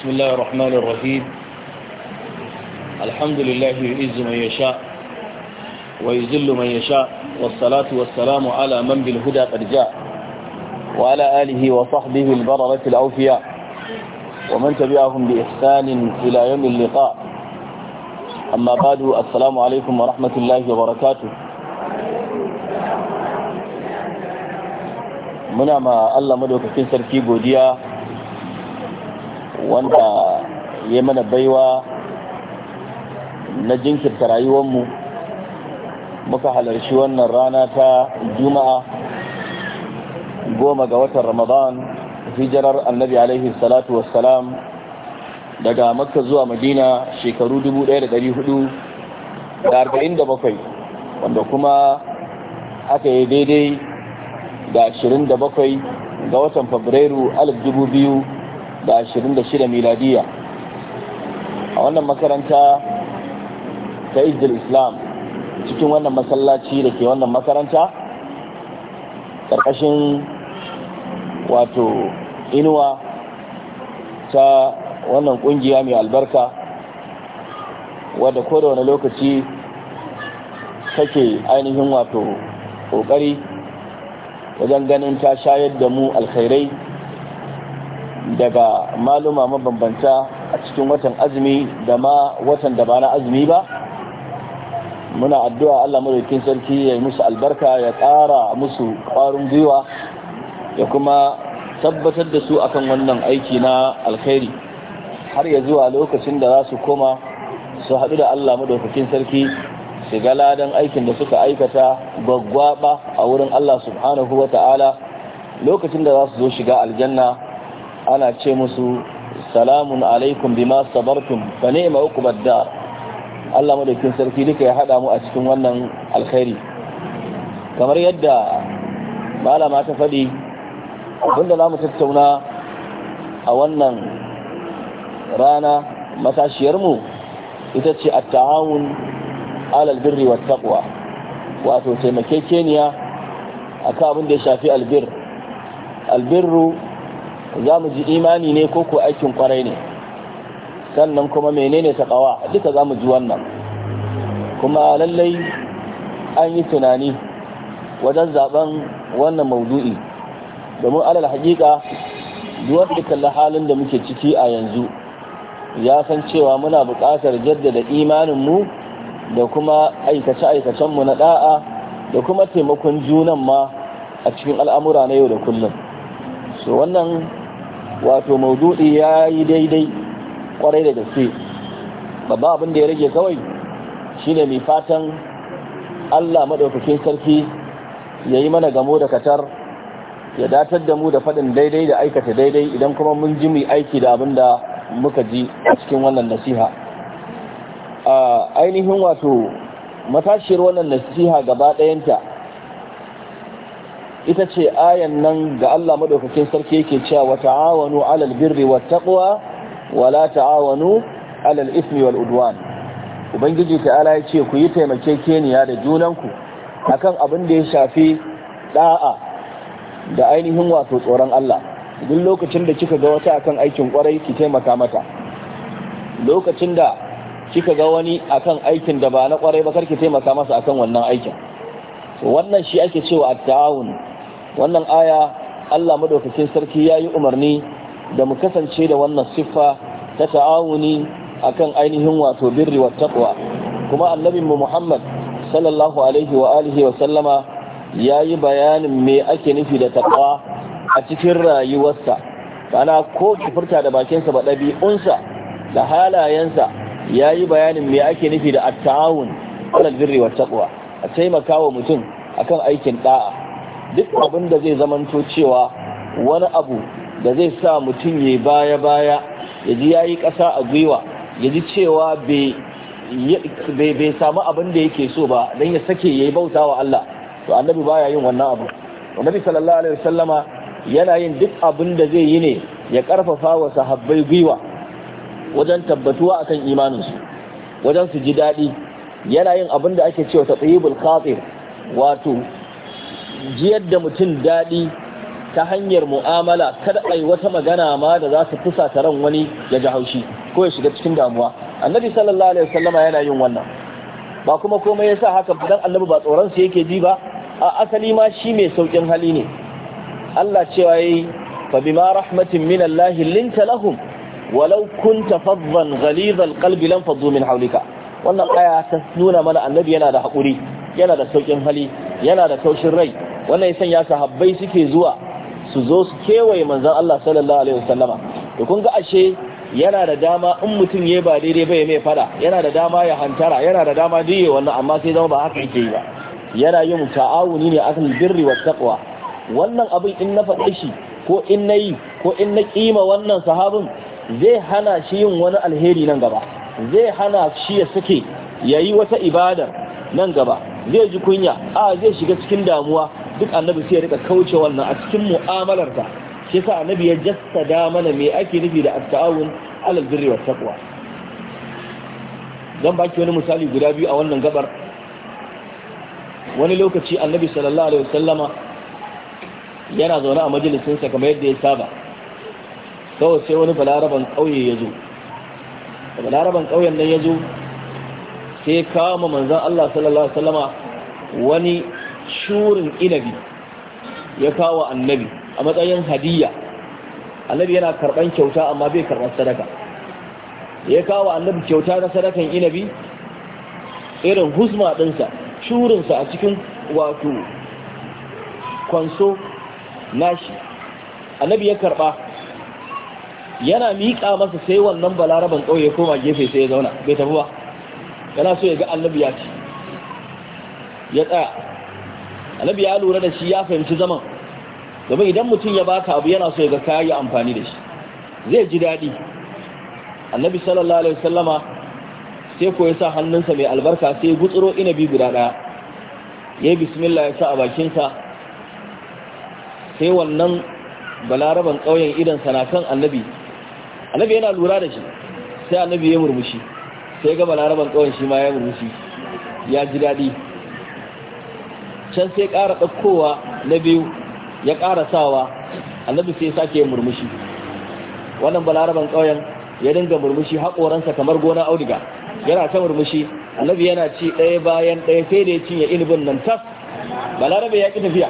بسم الله الرحمن الرحيم الحمد لله يعز من يشاء ويذل من يشاء والصلاة والسلام على من بالهدى قد جاء وعلى آله وصحبه البررة الأوفياء ومن تبعهم بإحسان إلى يوم اللقاء أما بعد السلام عليكم ورحمة الله وبركاته ما الله مدوك في sarki godiya wanda ya mana baiwa na jinkirta rayuwanmu muka halarci wannan rana ta juma'a goma ga watan ramadan hijirar annabi alaihi salatu wassalam daga makka zuwa madina shekaru 1447 wanda kuma aka yi daidai da 27 ga watan fabrairu 2000 da 26 miladiya a wannan makaranta ta izdil islam cikin wannan masallaci da ke wannan makaranta ƙarƙashin wato inuwa ta wannan ƙungiya mai albarka wadda ko da wani lokaci take ainihin wato ƙoƙari wajen ganin ta shayar da mu alkhairai daga maluma mabambanta a cikin watan azumi da ma watan da ba na azumi ba muna addu'a Allah madaukakin sarki ya yi musu albarka ya ƙara musu ƙwarin gwiwa ya kuma tabbatar da su akan wannan aiki na alkhairi har ya zuwa lokacin da za su koma su haɗu da Allah madaukakin sarki su ga ladan aikin da suka aikata gwaggwaba a wurin Allah subhanahu wa ta'ala lokacin da za su zo shiga aljanna ana ce musu salamun alaikum bima sabartum fa ni'ma uqbad dar Allah madaukin sarki duka ya hada mu a cikin wannan alkhairi kamar yadda malama ta faɗi abinda za mu tattauna a wannan rana matashiyarmu ita ce a ta'awun alal birri wa taqwa wato taimakekeniya a abin da ya shafi albir albirru za mu ji imani ne ko ko aikin kwarai ne sannan kuma menene ta ƙawa duka za mu ji wannan kuma lallai an yi tunani wajen zaben wannan maudu'i domin alal haƙiƙa duwar da kalla halin da muke ciki a yanzu ya san cewa muna buƙatar jaddada imaninmu da kuma aikace-aikacenmu na ɗa'a da kuma taimakon junan ma a cikin al'amura na yau da kullum so wannan wato Maududi ya yi daidai kwarai da gaske babba abin da ya rage kawai shine mai fatan allah maɗaukakin sarki ya yi mana gamo da katar ya datar da mu da faɗin daidai da aikata daidai idan kuma mun ji mai aiki da abin da muka ji a cikin wannan nasiha a ainihin wato matashiyar wannan nasiha gaba ɗayanta ita ce ayan nan ga Allah madaukakin sarki yake cewa wa ta'awanu 'alal birri wat taqwa wa la ta'awanu 'alal ismi wal udwan ubangiji ala ya ce ku yi taimake taimakekeniya da junanku akan abin da ya shafi da'a da ainihin wato tsoron Allah duk lokacin da kika ga wata akan aikin kwarai ki taimaka mata lokacin da kika ga wani akan aikin da ba na kwarai ba karki taimaka masa akan wannan aikin wannan shi ake cewa at-ta'awun wannan aya Allah madaukakin sarki ya yi umarni da mu kasance da wannan siffa ta ta'awuni akan ainihin wato birri wa taqwa kuma annabin mu Muhammad sallallahu alaihi wa alihi wa sallama ya yi bayanin me ake nufi da taqwa a cikin rayuwarsa kana ko kifurta da bakinsa ba unsa da halayensa ya yi bayanin me ake nufi da at-ta'awun alal birri wa taqwa a wa mutum akan aikin da'a duk abin da zai zamanto cewa wani abu da zai sa mutum ya baya baya ya ji ya yi ƙasa a gwiwa ya ji cewa bai samu abin da yake so ba dan ya sake yayi bauta wa Allah to annabi baya yin wannan abu annabi sallallahu alaihi wasallama yana yin duk abin da zai yi ne ya karfafa wa sahabbai gwiwa wajen tabbatuwa akan imaninsu wajen su ji daɗi yana yin abin da ake cewa tsayibul khatir wato jiyar da mutum daɗi ta hanyar mu'amala kada a yi wata magana ma da za ta fusa ta ran wani ya ji haushi ko ya shiga cikin damuwa annabi sallallahu alaihi wasallama yana yin wannan ba kuma komai yasa haka dan annabi ba tsoron sa yake ji ba a asali ma shi mai saukin hali ne Allah cewa yayi fa bima rahmatin min Allah linta lahum walau kunta faddan ghaliz alqalbi lam min hawlika wannan aya ta nuna mana annabi yana da hakuri yana da saukin hali yana da taushin rai wannan ya sanya sahabbai suke zuwa su zo su kewaye manzon Allah sallallahu alaihi wasallama to kun ga ashe yana da dama in mutum ya ba daidai ba ya mai fada yana da dama ya hantara yana da dama diye wannan amma sai zama ba haka yake ba yana yin ta'awuni ne akan birri wa taqwa wannan abin in na faɗe shi ko in na ko in na kima wannan sahabin zai hana shi yin wani alheri nan gaba zai hana shi ya suke ya yi wata ibadar nan gaba zai ji kunya a zai shiga cikin damuwa duk annabi sai ya rika kauce wannan a cikin ta shi yasa annabi ya jassada mana me ake nufi da at-ta'awun alal birri wa taqwa dan baki wani misali guda biyu a wannan gabar wani lokaci annabi sallallahu alaihi wasallama yana zaune a majalisinsa kamar yadda ya saba kawai sai wani balaraban ƙauye ya zo balaraban ƙauyen nan ya zo sai kama manzan Allah sallallahu Alaihi wasallama wani shurin inabi ya kawo annabi a matsayin hadiyya annabi yana karban kyauta amma bai karban sadaka ya kawo annabi kyauta na sadakan inabi irin husma dinsa shurinsa a cikin wato kwanso nashi annabi ya karba yana miƙa masa sai wannan balaraban ƙauye ya koma gefe sai ya zauna bai tafi ba yana so ya ga annabi ya ci ya tsaya annabi ya lura da shi ya fahimci zaman domin idan mutum ya baka abu yana so ya ga kayi amfani da shi zai ji dadi annabi sallallahu alaihi wasallama sai ko ya sa hannunsa mai albarka sai gutsuro inabi guda daya ya yi bismillah ya sa a sa sai wannan balaraban kauyen idan kan annabi annabi yana lura da shi sai annabi ya murmushi sai ga balaraban kauyen shi ma ya murmushi ya ji dadi. can sai ƙara ɗaukowa na biyu ya ƙara sawa annabi sai ya sake murmushi wannan balaraban ƙauyen ya dinga murmushi haƙoransa kamar gona auduga yana ta murmushi annabi yana ci ɗaya bayan ɗaya sai da ya cinye inibin nan tas balarabe ya ƙi tafiya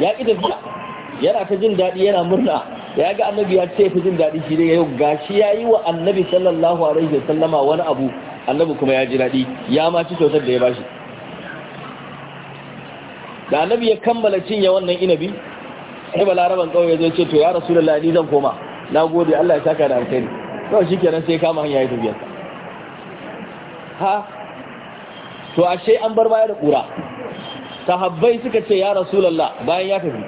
ya ƙi tafiya yana ta jin daɗi yana murna ya ga annabi ya ce fi jin daɗi shi dai yau gashi ya yi wa annabi sallallahu alaihi wa sallama wani abu annabi kuma ya ji daɗi ya ma ci kyautar da ya bashi da annabi ya kammala cinye wannan inabi sai balaraban kawai ya ce to ya rasulullahi ni zan koma na gode Allah ya saka da alkhairi kawai shikenan sai kama hanya ya tafiya ha to ashe an bar baya da kura sahabbai suka ce ya rasulullah bayan ya tafi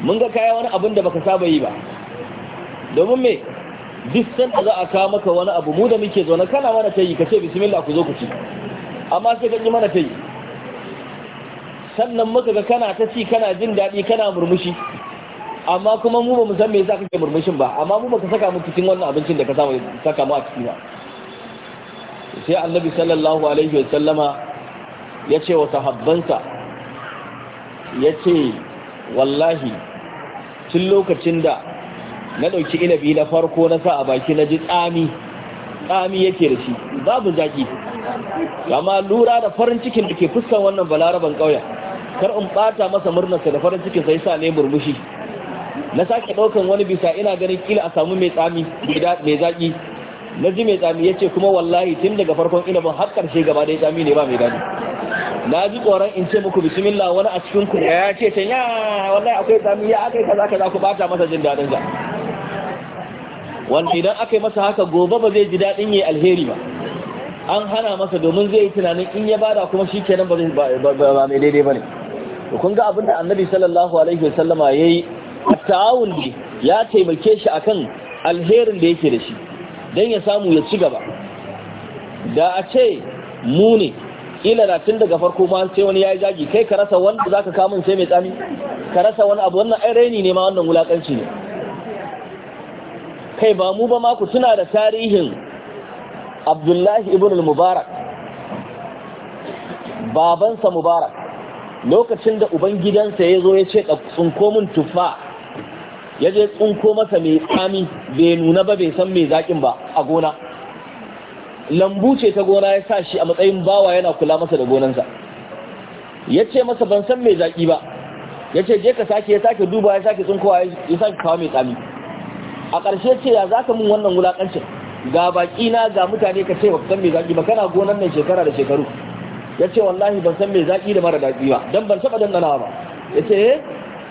mun ga kaya wani abin da baka saba yi ba domin me duk san da za a kawo maka wani abu mu da muke zaune kana mana Ka ce bismillah ku zo ku ci amma sai ka ji mana tayi sannan muka ga kana ta ci kana jin daɗi kana murmushi amma kuma mu ba mu san me yasa kake murmushin ba amma mu baka saka mu cikin wannan abincin da ka samu saka mu a ciki ba sai annabi sallallahu alaihi wa sallama ya ce wa sahabbansa ya ce wallahi tun lokacin da na ɗauki inabi na farko na sa a baki na ji tsami tsami yake da shi babu zaki amma lura da farin cikin da ke fuskan wannan balaraban ƙauyen kar in bata masa murnarsa da farin sai sa ne murmushi na sake daukan wani bisa ina ganin kila a samu mai tsami mai zaki na ji mai tsami yace kuma wallahi tun daga farkon ban har karshe gaba da tsami ne ba mai dadi na ji tsoron in ce muku bismillah wani a cikin ku ya ce ta ya wallahi akwai tsami ya akai kaza kaza ku bata masa jin dadin sa wanda idan aka masa haka gobe ba zai ji dadin yayi alheri ba an hana masa domin zai yi tunanin in ya bada kuma shi kenan ba mai daidai ba ne kun ga abin da annabi sallallahu alaihi sallama ya yi ta'awun ne ya taimake shi akan alherin da yake da shi don ya samu ya ci gaba da a ce mu ne ila na tun daga farko ma sai wani ya yi zagi kai ka rasa wanda za ka kamun sai mai tsami ka rasa wani abu wannan ai raini ne ma wannan wulakanci ne kai ba mu ba ma ku tuna da tarihin abdullahi ibn al-mubarak babansa mubarak lokacin da ubangidansa ya zo ya ce tsunko min tufa ya je tsunko masa mai tsami bai nuna ba bai san mai zaƙin ba a gona lambu ce ta gona ya sa shi a matsayin bawa yana kula masa da gonansa ya ce masa ban san mai zaƙi ba ya ce je ka sake ya sake duba ya sake tsunkowa ya sake kawo mai tsami a ƙarshe ce ya za ka min wannan wulaƙancin ga baki na ga mutane ka ce san me zaki ba kana gonan nan shekara da shekaru ya ce wallahi ban san me zaki da mara daɗi ba dan ban taɓa dandanawa ba ya ce eh,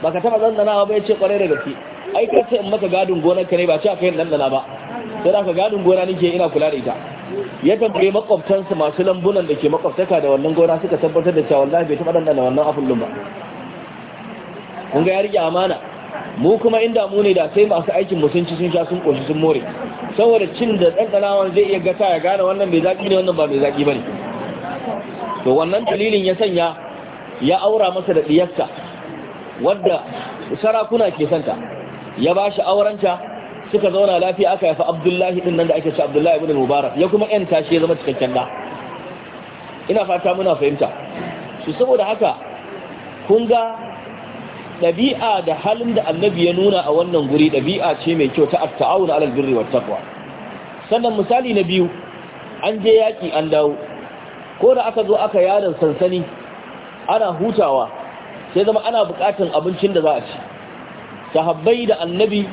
taba taɓa dandanawa ba ya ce kwarai da gaske ai ka ce in maka gadin gonar ka ne ba ce aka yin dandana ba sai da ka gadin gona nake ina kula da ita ya tambaye makwabtansa masu lambunan da ke makwabtaka da wannan gona suka tabbatar da cewa wallahi bai taɓa dandana wannan afulun ba kun ga ya rike amana mu kuma inda mu ne da sai masu aikin mutunci sun sha sun koshi sun more saboda cin da ɗanɗanawan zai iya gata ya gane wannan mai zaƙi ne wannan ba mai zaƙi ba ne to wannan dalilin ya sanya ya aura masa da ɗiyarsa wadda sarakuna ke santa ya ba shi aurenta suka zauna lafiya aka yafi abdullahi ɗin nan da ake ce abdullahi ibn mubarak ya kuma yan tashi ya zama cikakken da ina fata muna fahimta su saboda haka kun ga ɗabi'a da halin da annabi ya nuna a wannan guri ɗabi'a ce mai kyau ta ta'awun alal birri wa taqwa sannan misali na biyu an je yaki an dawo ko da aka zo aka yaron sansani ana hutawa sai zama ana buƙatar abincin da za a ci sahabbai da annabi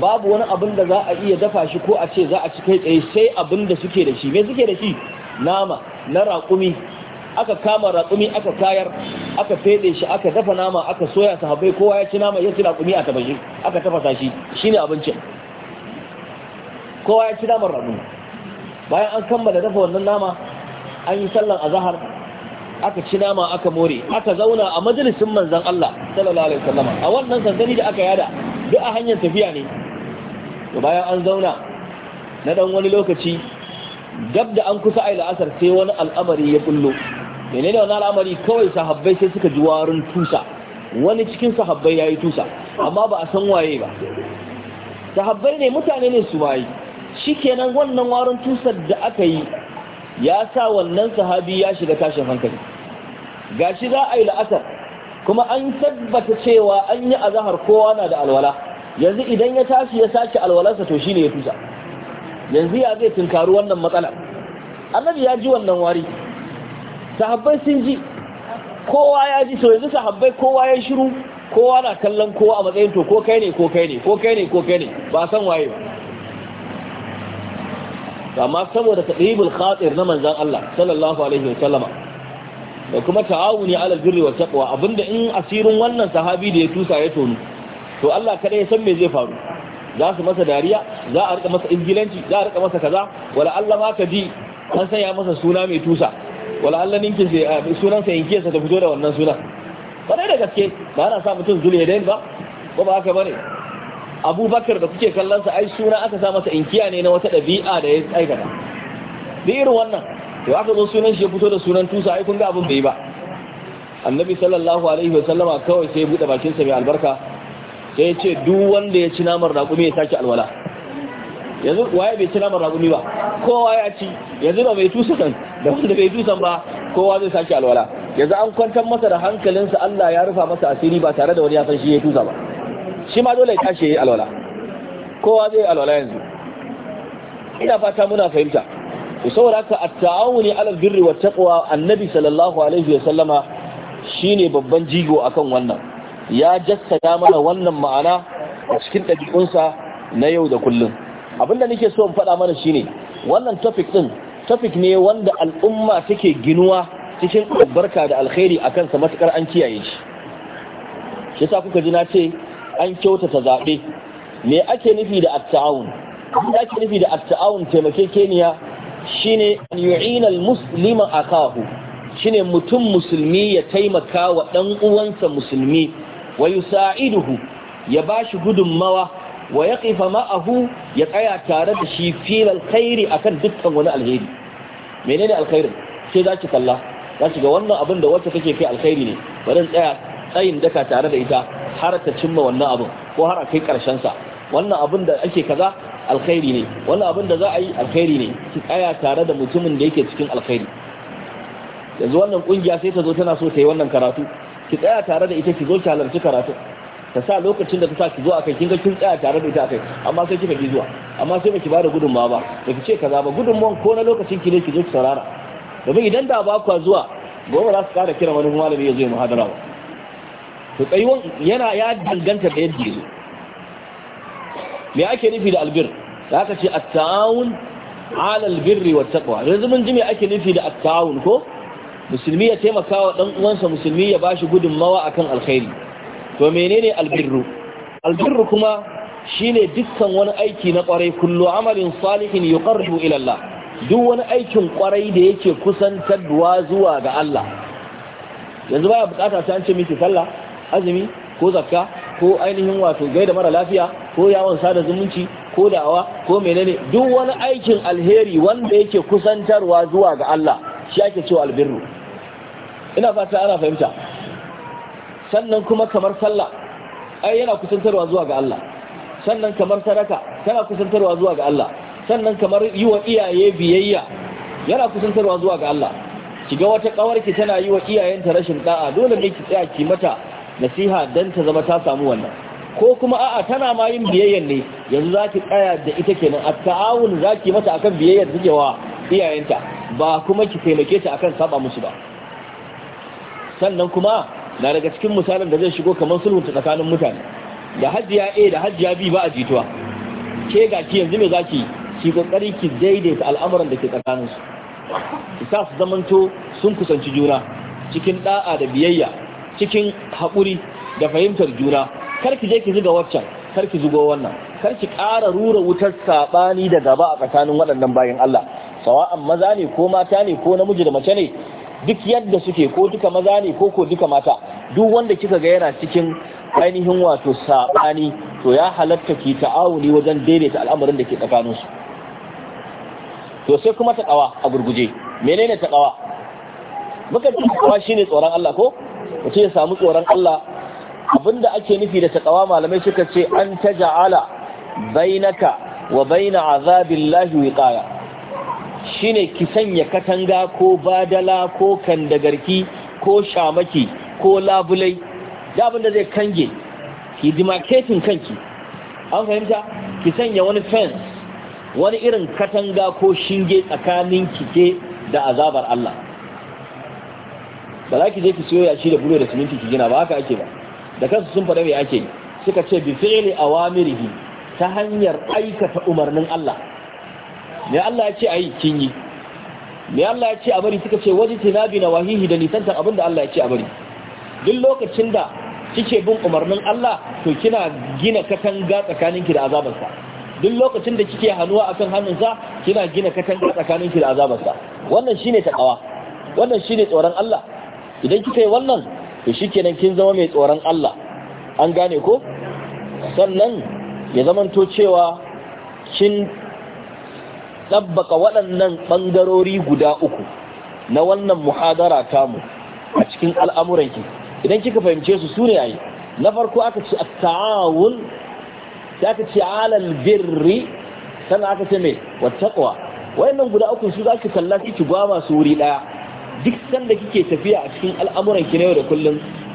babu wani abin da za a iya dafa shi ko a ce za a ci kai tsaye sai abin da suke da shi me suke da shi nama na raƙumi aka kama raƙumi aka kayar aka fede shi aka dafa nama aka soya sahabbai kowa ya ci nama ya ci ratsumi a tabashi aka tafasa shi shine abincin kowa ya ci naman raƙumi bayan an kammala dafa wannan nama an yi sallan azahar aka ci nama aka more aka zauna a majalisin manzon Allah sallallahu alaihi wasallam a wannan sansani da aka yada duk a hanyar tafiya ne to bayan an zauna na dan wani lokaci gab da an kusa yi la'asar sai wani al'amari ya kullo menene wannan al'amari kawai sahabbai sai suka ji warin tusa wani cikin sahabbai yayi tusa amma ba a san waye ba sahabbai ne mutane ne su waye shikenan wannan warin tusar da aka yi ya sa wannan sahabi ya shiga tashin hankali gashi za a yi la'asar kuma an tabbata cewa an yi azahar kowa na da alwala yanzu idan ya tashi ya sake alwalarsa to shine ya tusa yanzu ya zai tunkari wannan matsala annabi ya ji wannan wari sahabbai sun ji kowa ya ji sau yanzu sahabbai kowa ya shiru kowa na kallon kowa a matsayin to ko kai ne ko kai ne ko kai ne ko kai ne ba san waye ba amma saboda tadribul khatir na manzon Allah sallallahu alaihi wa sallama da kuma ta'awuni ala birri wa taqwa abinda in asirin wannan sahabi da ya tusa ya tonu to Allah kada ya san me zai faru za su masa dariya za a rika masa ingilanci za a rika masa kaza wala Allah ma ka ji an ya masa suna mai tusa wala Allah ninki sai ah, sunan sa yake sa ta fito da wannan sunan kwarai da gaske ba ana sa mutum zuliya dai ba ko ba haka bane Abubakar da kuke kallon sa ai suna aka sa masa inkiya ne na wata dabi'a da ya aikata da irin wannan to aka zo sunan shi ya fito da sunan tusa ai kun ga abin bai ba annabi sallallahu alaihi wa sallama kawai sai ya buɗe bakin sa mai albarka sai ya ce duk wanda ya ci namar raƙumi ya sake alwala yanzu waye bai ci naman raƙumi ba kowa ya ci yanzu ba bai tusan da wanda bai tusan ba kowa zai sake alwala yanzu an kwantar masa da hankalinsa Allah ya rufa masa asiri ba tare da wani ya san shi ya tusa ba shi ma dole ya tashi ya yi alwala kowa zai alwala yanzu ina fata muna fahimta to saboda ka at-ta'awuni birri wat taqwa annabi sallallahu alaihi wa sallama shine babban jigo akan wannan ya jassada mana wannan ma'ana a cikin ɗabi'unsa na yau da kullum abinda nake so in faɗa mana shine wannan topic din topic ne wanda al'umma take ginuwa cikin albarka da alkhairi akan sa matukar an kiyaye shi shi kuka ji na ce an kyautata zaɓe me ake nufi da at-ta'awun me ake nufi da at-ta'awun taimakekeniya shine an yu'ina al-muslima akahu shine mutum musulmi ya taimaka wa dan uwansa musulmi wa yusa'iduhu ya bashi gudummawa? wa ya a ma'ahu ya tsaya tare da shi filar khairi akan dukkan wani alheri menene alkhairin sai za zaki kalla ki ga wannan abin da wacce kake kai alkhairi ne bari tsaya tsayin daka tare da ita har ta cimma wannan abin ko har a kai karshen sa wannan abin da ake kaza alkhairi ne wannan abin da za a yi alkhairi ne ki tsaya tare da mutumin da yake cikin alkhairi yanzu wannan kungiya sai ta zo tana so ta yi wannan karatu ki tsaya tare da ita ki zo ki halarci karatu ta sa lokacin da ta sa ki zo akai kin ga kin tsaya tare da ita akai amma sai kika bi zuwa amma sai baki bada gudunmawa ba da ki ce kaza ba gudunmawan ko na lokacin ki ne ki zo ki saurara. domin idan da ba zuwa gobe za su kara kira wani malami ya zo ya muhadara ba to tsayuwan yana ya danganta da yadda ya zo me ake nufi da albir da aka ce at-ta'awun ala albirri wa taqwa yanzu mun ji me ake nufi da at-ta'awun ko musulmi ya taimaka wa dan uwansa musulmi ya bashi gudunmawa akan alkhairi to menene albirru albirru kuma shine dukkan wani aiki na kwarai kullu amalin salihin yuqarribu ila Allah duk wani aikin kwarai da yake kusantarwa zuwa ga Allah yanzu baya bukata ta an ce miki sallah azumi ko zakka ko ainihin wato gaida mara lafiya ko yawon sada zumunci ko da'awa ko menene duk wani aikin alheri wanda yake kusantarwa zuwa ga Allah shi ake cewa albirru ina fata ana fahimta sannan kuma kamar sallah ai yana kusantarwa zuwa ga Allah sannan kamar sadaka tana kusantarwa zuwa ga Allah sannan kamar yi wa iyaye biyayya yana kusantarwa zuwa ga Allah kiga wata ƙawarki tana yi wa iyayenta rashin da'a dole ne ki tsaya ki mata nasiha dan ta zama ta samu wannan ko kuma a'a tana ma yin biyayyan ne yanzu zaki tsaya da ita kenan a taawun zaki mata akan biyayyar da wa iyayenta ba kuma ki taimake ta akan saba musu ba sannan kuma na daga cikin misalin da zai shigo kamar sulhunta tsakanin mutane da hajjiya a da hajjiya b ba a jituwa ke ga ki yanzu me za ki ki kokari ki daidaita al'amuran da ke tsakanin su ki sa su zamanto sun kusanci juna cikin da'a da biyayya cikin haƙuri da fahimtar juna kar ki je ki zuga waccan kar ki zugo wannan kar ki ƙara rura wutar saɓani da gaba a tsakanin waɗannan bayan Allah sawa'an maza ne ko mata ne ko namiji da mace ne duk yadda suke ko duka maza ne ko ko duka mata duk wanda kika ga yana cikin ainihin wato sabani to ya halatta ki ta'awuni wajen daidaita al'amarin da ke tsakaninsu to sai kuma ta kawa a gurguje menene kawa muka kawa shine tsoron Allah ko mutum ya samu tsoron Allah abinda ake nufi da taƙawa malamai suka ce an taja'ala bainaka wa baina azabillahi wiqaya shine ki sanya katanga ko badala ko kandagarki ko shamaki ko labulai da abin da zai kange ki demarcating kanki an fahimta ki sanya wani fence wani irin katanga ko shinge tsakanin kike da azabar Allah ba za ki je ki siyo yashi da bulo da siminti ki gina ba haka ake ba da kansu sun faɗa mai ake suka ce bi fi'li awamirihi ta hanyar aikata umarnin Allah ne Allah ya ce ayi kin yi ne Allah ya ce a bari suka ce waje tinabi na wahihi da nisantar abin da Allah ya ce a bari duk lokacin da kike bin umarnin Allah to kina gina katanga tsakaninki da azabarsa duk lokacin da kike hannuwa akan hannunsa kina gina katanga tsakaninki da azabarsa wannan shine takawa wannan shine tsoron Allah idan kika yi wannan to shikenan kin zama mai tsoron Allah an gane ko sannan ya zamanto cewa kin ɗabbaka waɗannan ɓangarori guda uku na wannan muhadara tamu a cikin al'amuranki idan kika fahimce su su ne a yi na farko aka ce ta'awun sai aka ce alal birri sannan aka ce mai wattaƙwa wayannan guda uku su za ki kalla ki gwama su wuri ɗaya duk sanda kike tafiya a cikin al'amuranki na yau da kullum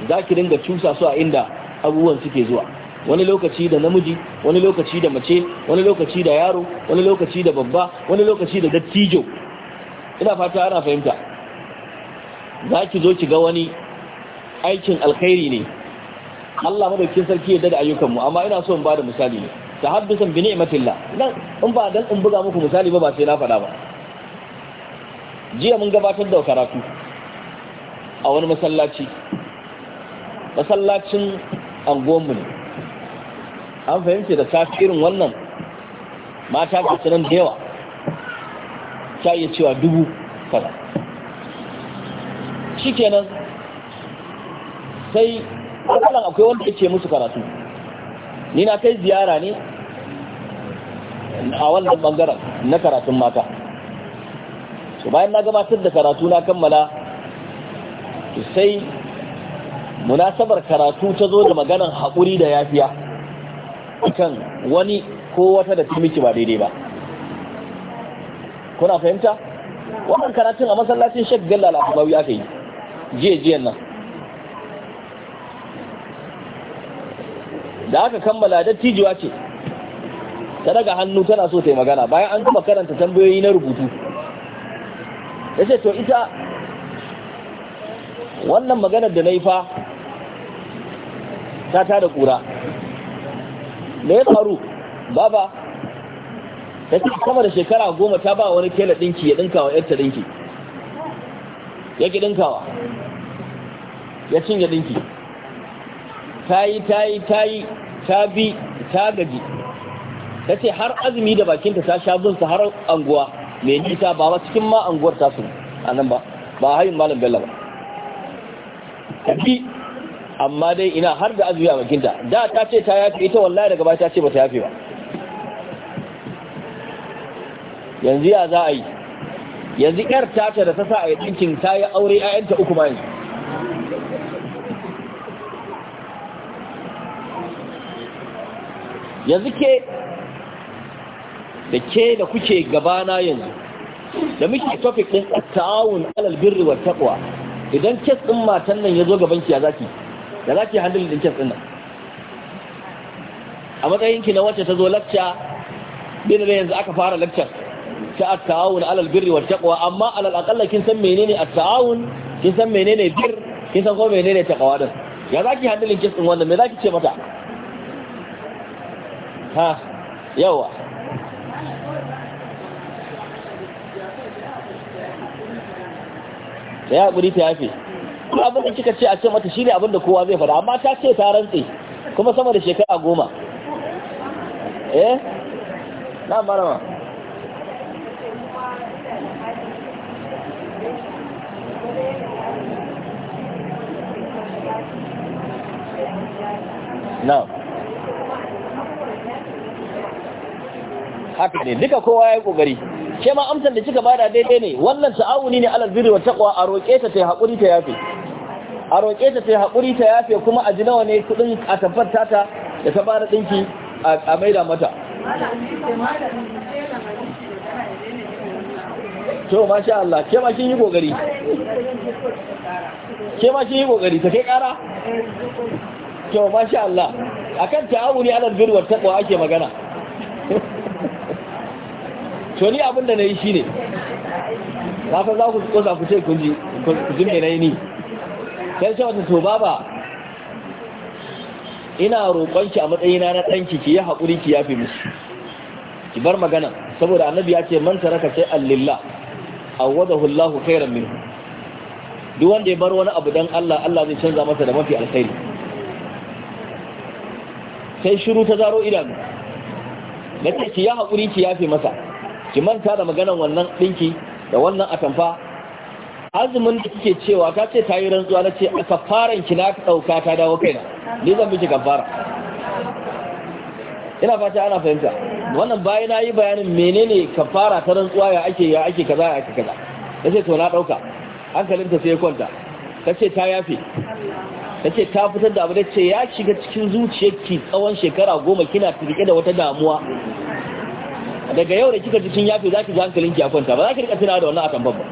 za ki dinga cusa su a inda abubuwan suke zuwa wani lokaci da namiji wani lokaci da mace wani lokaci da yaro wani lokaci da babba wani lokaci da dattijo ina fata ana fahimta za ki zo ki ga wani aikin alkhairi ne Allah madaukakin sarki ya da ayyukanmu amma ina so in bada misali ne tahaddusan bi ni'matillah dan in ba dan in buga muku misali ba ba sai na faɗa ba jiya mun gabatar da karatu a wani masallaci masallacin anguwanmu ne an fahimci da irin wannan mata ga sunan da yawa ta iya cewa dubu shi kenan sai akalan akwai wanda yake musu karatu ni na kai ziyara ne a wannan bangaren na karatun mata su bayan na gabatar da karatu na kammala to sai munasabar karatu ta zo da maganan haƙuri da yafiya akan wani ko wata da ta miki ba daidai ba kuna fahimta wannan karatun a masallacin shek galla al'adumawi aka yi jiya jiyan nan da aka kammala dattijuwa ce ta daga hannu tana so ta yi magana bayan an kuma karanta tambayoyi na rubutu ya ce to ita wannan maganar da na yi fa ta tada kura da ya faru baba ta ce kama da shekara goma ta ba wani kela dinki ya dinka wa yarta dinki ya ki dinkawa ya cinye dinki ta yi ta yi ta yi ta bi ta gaji ta ce har azumi da bakinta ta sha bunsa har anguwa mai nisa ba ba cikin ma anguwar tasu a nan ba ba hayin malam bello ba ta bi amma dai ina har da azumi a makinta da ta ce ta yafi ita wallahi daga baya ta ce ba ta yafi ba yanzu ya za a yi yanzu yar ce da ta sa a yi ɗinkin ta yi aure 'yanta uku ma yanzu ke da ke da kuke gabana yanzu da muke topic ɗin ta'awun alal birri wa taqwa idan kes ɗin matan nan ya zo gaban ki ya zaki da za ki handle din kes din nan a matsayin ki na wacce ta zo lakca bin da yanzu aka fara lakcar ta at-ta'awun alal birri wat taqwa amma alal aqalla kin san menene at-ta'awun kin san menene bir kin san ko menene taqwa din ya za ki handle din kes din wannan me za ki ce mata ha yawa da ya haƙuri ta yafe abin da kika ce a ce mata shine abin da kowa zai fada amma ta ce ta rantse kuma sama da shekara goma eh na marama na haka ne duka kowa ya yi kogari ke ma amsar da kika bada daidai ne wannan ta'awuni ne alal birri wa taqwa a roƙe ta ta haƙuri ta yafe a roƙe ta ta haƙuri ta yafe kuma a ji nawa ne kuɗin a tabbata ta da ta bada ɗinki a maida mata to masha Allah ke ma kin yi kokari ke ma kin yi kokari ta kai ƙara to masha Allah akan ta'awuni alal birri wa taqwa ake magana to ni abinda na yi shi ne na za ku kosa ku ce ku ji mai na yi ni sai ce wata to baba ina roƙonki a matsayina na ɗanki ki yi haƙuri ki yafe musu ki bar magana saboda annabi ya ce man taraka sai allillah awwadahu Allah khairan minhu duk wanda ya bar wani abu dan Allah Allah zai canza masa da mafi alkhairi sai shiru ta zaro idanu na ce ki ya haƙuri ki yafe masa ki manta da maganan wannan ɗinki da wannan atamfa azumin da kike cewa ka ce ta yi rantsuwa na ce aka fara ki na ɗauka ta dawo kaina ni zan miki kafara ina fata ana fahimta wannan bayan na yi bayanin menene kafara ta rantsuwa ya ake ya ake kaza ya ake kaza ta ce to na ɗauka hankalinta sai ya kwanta ta ce ta yafe ta ce ta fitar da abu da ce ya shiga cikin zuciyarki tsawon shekara goma kina rike da wata damuwa daga yau da kika ji kin yafe zaki ji hankalin ki ya kwanta ba za ki rika tunawa da wannan atamfan ba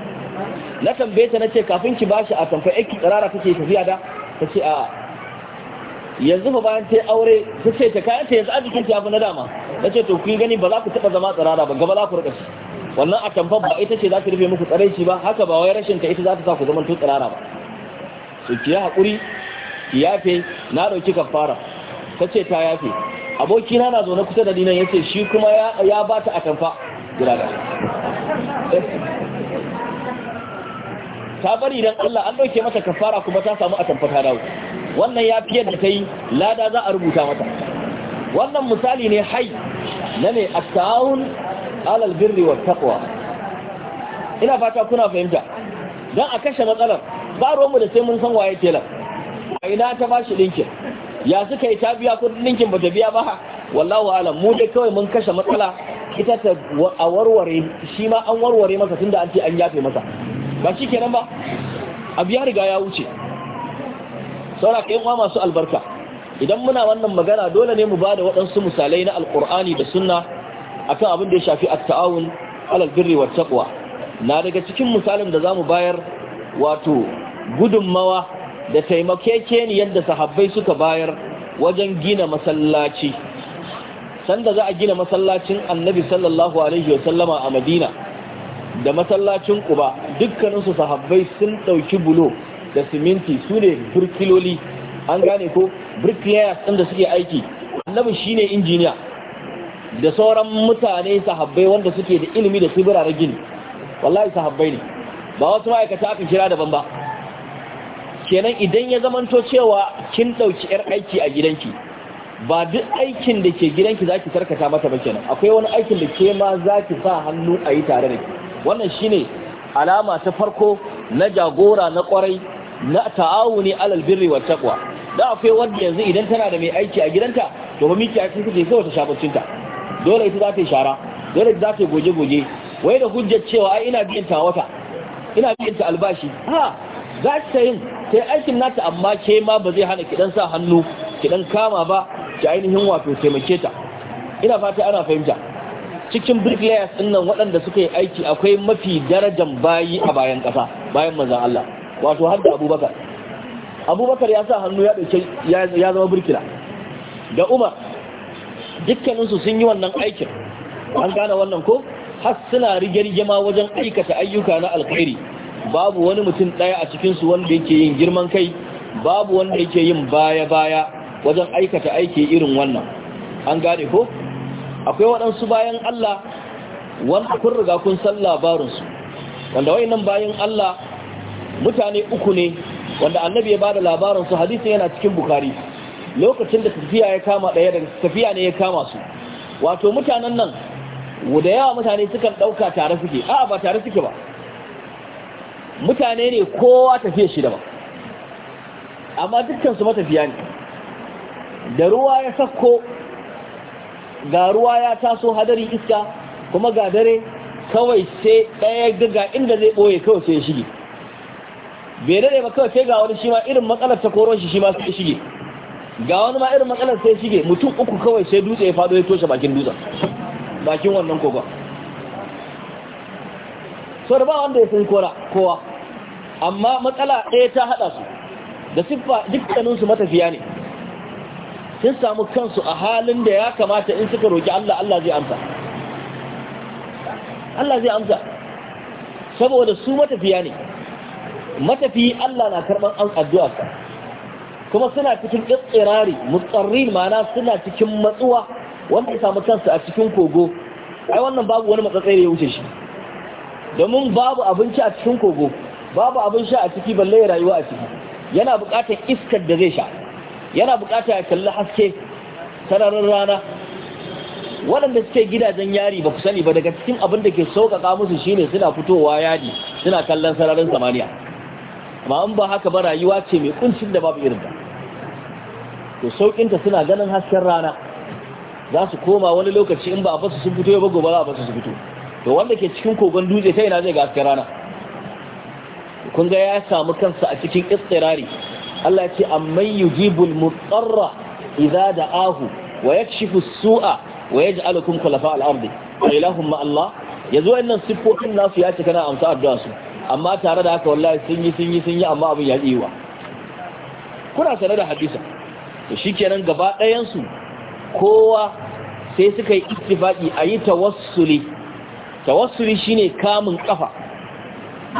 na tambaye ta nace kafin ki bashi a ai ki tsarara kake tafiya da tace a yanzu fa bayan ta aure ta ce ta kayan ta yanzu a jikin ta yafi na dama nace to kun gani ba za ku taba zama tsarara ba gaba za ku rika shi wannan atamfan ba ita ce za ta rufe muku tsaraici ba haka ba wai rashin ta ita za ta sa ku zama to tsarara ba so ki hakuri ki yafe na dauki kafara tace ta yafe aboki na na zaune kusa da dinan yace shi kuma ya ba ta atamfa gura da ta bari dan Allah an dauke mata kafara kuma ta samu atamfa ta dawo wannan ya fiye da kai lada za a rubuta mata wannan misali ne hai na ne at-ta'awun alal birri wa taqwa ina fata kuna fahimta dan a kashe matsalar ba ruwanmu da sai mun san waye telan a ina ta bashi dinkin ya suka yi ta biya kudin ninkin ba ta biya ba wallahu alam mu dai kawai mun kashe matsala ita ta a warware shi ma an warware masa tunda an ce an yafe masa ba shi kenan ba abiya riga ya wuce saura kai kuma masu albarka idan muna wannan magana dole ne mu ba da waɗansu misalai na alkur'ani da sunna akan abin da ya shafi at-ta'awun alal birri wat taqwa na daga cikin misalin da zamu bayar wato gudunmawa da ni yadda sahabbai suka bayar wajen gina masallaci sanda za a gina masallacin annabi sallallahu alaihi sallama a madina da masallacin kuba dukkaninsu sahabbai sun ɗauki bulo da siminti su ne birkiloli an gane ko bricklayers ɗin da suke aiki annabi shine injiniya da sauran mutane sahabbai wanda suke da ilimi da su biraren gini wallahi sahabbai ne ba wasu ma'aikata aka kira daban ba kenan idan ya zamanto cewa kin ɗauki 'yar aiki a gidanki ba duk aikin da ke gidanki zaki ki karkata mata ba kenan akwai wani aikin da ke ma zaki sa hannu a yi tare da ki. wannan shine alama ta farko na jagora na kwarai na ta'awuni alal birri wa taqwa da akwai wanda yanzu idan tana da mai aiki a gidanta to ba miki aiki kike sai ta shabaccin dole ita za ta yi shara dole ita za ta yi goje goje wai da hujjar cewa ai ina biyan ta wata ina biyan ta albashi ha za ki ta yin ta yi aikin nata amma ke ma ba zai hana kidan sa hannu kidan kama ba ki ainihin wato taimake ta ina fata ana fahimta cikin bricklayers din nan waɗanda suka yi aiki akwai mafi darajan bayi a bayan ƙasa bayan manzan Allah wato har da abubakar abubakar ya sa hannu ya ɗauke ya zama birkila. da umar dukkaninsu sun yi wannan aikin an gane wannan ko har suna rige-rige ma wajen aikata ayyuka na alkhairi babu wani mutum ɗaya a cikinsu wanda yake yin girman kai babu wanda yake yin baya-baya wajen aikata aiki irin wannan an gane ko akwai waɗansu bayan Allah wanda kun riga kun san labarinsu wanda wayannan bayan Allah mutane uku ne wanda annabi ya bada labarinsu hadisi yana cikin bukari lokacin da tafiya ya kama ɗaya daga tafiya ne ya kama su wato mutanen nan da yawa mutane sukan ɗauka tare suke a ba tare suke ba mutane ne kowa tafiya shi daban amma dukkan su matafiya ne da ruwa ya sakko ga ruwa ya taso hadari iska kuma ga dare kawai sai ɗaya gaga inda zai ɓoye kawai sai ya shige bai dare ba kawai sai ga wani shi ma irin matsalar ta koron shi shi ma sai shige ga wani ma irin matsalar sai shige mutum uku kawai sai dutse ya faɗo ya toshe bakin dutsen bakin wannan kogon so da ba wanda ya san kowa amma matsala ɗaya ta haɗa su da siffa dukkaninsu matafiya ne sun samu kansu a halin da ya kamata in suka roƙi Allah Allah zai amsa Allah zai amsa saboda su matafiya ne matafi Allah na karɓar an addu'arsa kuma suna cikin ƙirƙirari mutsarrin mana suna cikin matsuwa wanda ya samu kansu a cikin kogo ai wannan babu wani matsatsai da ya wuce shi domin babu abinci a cikin kogo babu abin sha a ciki balle ya rayuwa a ciki yana buƙatar iskar da zai sha yana buƙatar ya kalli haske sararin rana waɗanda suke gidajen yari ba ku sani ba daga cikin abin da ke sauƙaƙa musu shine suna fitowa yadi suna kallon sararin samaniya amma in ba haka ba rayuwa ce mai kuncin da babu irin ba. to sauƙinta suna ganin hasken rana za su koma wani lokaci in ba a basu sun fito ba gobe za a basu su fito to wanda ke cikin kogon dutse ta ina zai ga rana kun ga ya samu kansa a cikin istirari Allah ce amman yujibul mutsarra idza da'ahu wa yakshifu su'a wa yaj'alukum khulafa al-ardi ilahum ma Allah yazo wannan siffofin nasu ya ce kana amsa addu'a su amma tare da haka wallahi sun yi sun yi sun yi amma abin ya tsiwa kuna sanar da hadisa to shikenan gaba ɗayan su kowa sai suka yi ittifaki a yi tawassuli tawassuli shine kamun kafa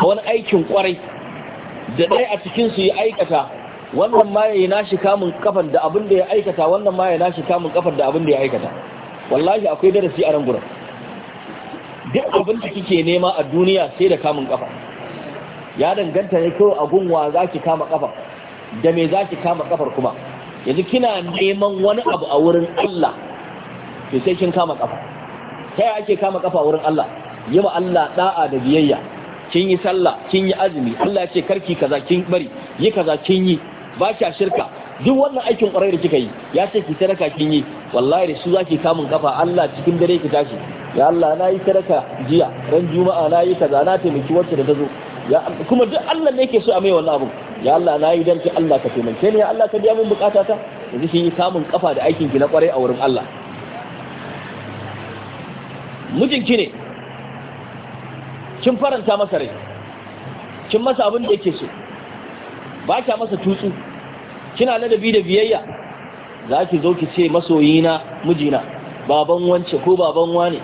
wani aikin kwarai da ɗaya a cikin su ya aikata wannan ma ya nashi kamun kafan da abin da ya aikata wannan ma ya nashi kamun kafan da abin da ya aikata wallahi akwai darasi a ran gurin duk abin da kike nema a duniya sai da kamun kafa ya danganta ne kawai a gunwa zaki kama kafa da me zaki kama kafar kuma yanzu kina neman wani abu a wurin Allah to sai kin kama kafa ta yaya ake kama kafa wurin Allah yi ma Allah da'a da biyayya kin yi sallah kin yi azumi Allah ya ce karki kaza kin bari yi kaza kin yi ba kya shirka duk wannan aikin kwarai da kika yi ya ce ki sadaka kin yi wallahi da su zaki kamun kafa Allah cikin dare ki tashi ya Allah na yi sadaka jiya ran juma'a na yi kaza na taimaki wacce da ta zo kuma duk Allah ne yake so a mai wannan abu ya Allah na yi dan ki Allah ka taimake ni ya Allah ka biya min bukata ta yanzu yi kamun kafa da aikin ki na kwarai a wurin Allah mijinki ne kin faranta masa rai kin masa abin da yake so ba kya masa tutsu kina ladabi da biyayya za ki zo ki ce masoyina mijina baban wance ko baban wane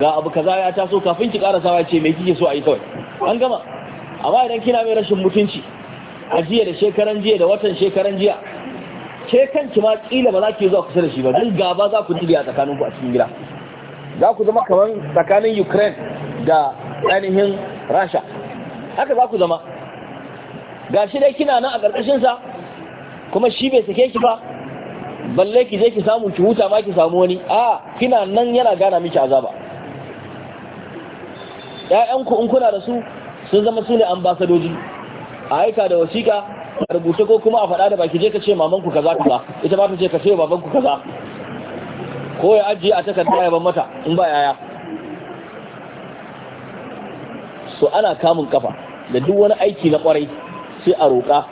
ga abu kaza ya taso kafin ki ƙara sawa ce me kike so a yi kawai an gama amma idan kina mai rashin mutunci a jiya da shekaran jiya da watan shekaran jiya ke kanki ma kila ba za ki zo a kusa da shi ba duk gaba za ku dide a tsakaninku a cikin gida za ku zama kamar tsakanin ukraine da ainihin rasha haka za ku zama ga shi dai kina nan a ƙarƙashinsa kuma shi bai sake ki ba balle ki je ki samu ki huta ma ki samu wani a kina nan yana gana miki azaba Ya'yanku in kuna da su sun zama su ne ambasadoji a aika da wasiƙa a rubuce ko kuma a faɗa da baki je ka ce mamanku kaza kaza ita ba ta ce ka ce babanku kaza ko ya ajiye a takarda ya ban mata in ba yaya so ana kamun kafa da duk wani aiki na kwarai sai a roƙa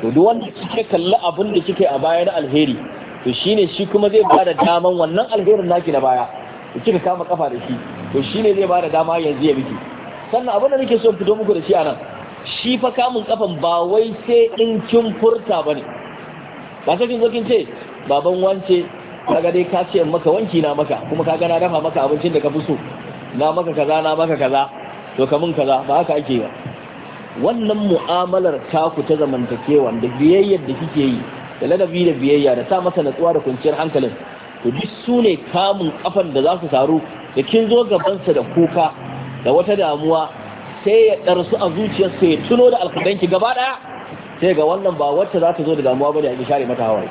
to duk wanda kike kalli abin da kike a baya na alheri to shine shi kuma zai bada daman wannan alherin naki na baya da kika kama kafa da shi to shine zai bada dama yanzu ya miki sannan abin da nake so fito muku da shi anan shi fa kamun kafan ba wai sai in kin furta bane ba sai kin zo kin ce baban wance kaga dai ka ce maka wanki na maka kuma ka gana dafa maka abincin da ka fi so na maka kaza na maka kaza to ka mun kaza ba haka ake ba wannan mu'amalar ku ta zamantakewa da biyayyar da kike yi da ladabi da biyayya da sa masa natsuwa da kwanciyar hankalin to duk su ne kamun kafan da za su taru da kin zo gabansa da kuka da wata damuwa sai ya ɗarsu a zuciyarsa ya tuno da alkadanki gaba ɗaya sai ga wannan ba wacce za ta zo da damuwa ba da ya share mata hawaye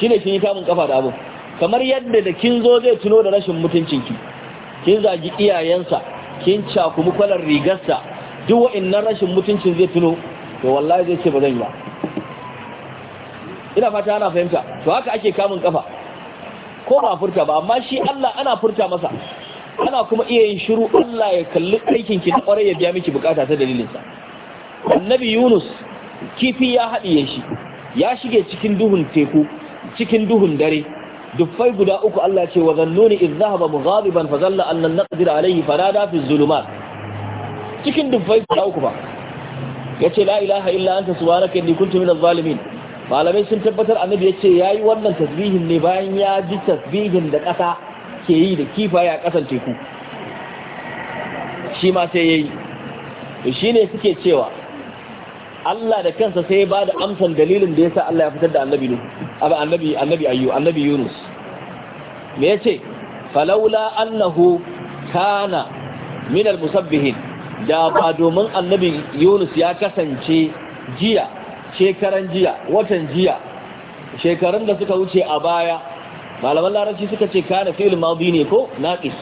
shine kin yi kamun kafa da abin kamar yadda da kin zo zai tuno da rashin mutuncinki kin zagi iyayensa kin cakumi kwalar rigarsa duk wa'annan rashin mutuncin zai tuno to wallahi zai ce ba zan yi ba ina fata ana fahimta to haka ake kamun kafa ko ba furta ba amma shi Allah ana furta masa ana kuma iya yin shiru Allah ya kalli aikin ki na kwarai ya biya miki bukata ta dalilin sa annabi Yunus kifi ya haɗiye shi ya shige cikin duhun teku cikin duhun dare duffai guda uku Allah ce wa zannuni iz zahaba mughadiban fa zalla annan lan naqdir alayhi fanada fi zulumat cikin dufai guda uku ba yace la ilaha illa anta subhanaka inni kuntu minaz zalimin malamai sun tabbatar annabi ya yayi wannan tasbihin ne bayan ya ji tasbihin da ƙasa ke yi da kifaye a ƙasan teku shi ma sai yayi to shine suke cewa Allah da kansa sai ya ba da amsan dalilin da ya sa Allah ya fitar da annabi Nuhu annabi annabi ayyu annabi Yunus me ya yace falaula annahu kana min almusabbihin da ba domin annabi Yunus ya kasance jiya shekaran jiya watan jiya shekarun da suka wuce a baya malaman larabci suka ce kana fi'il madi ne ko naqis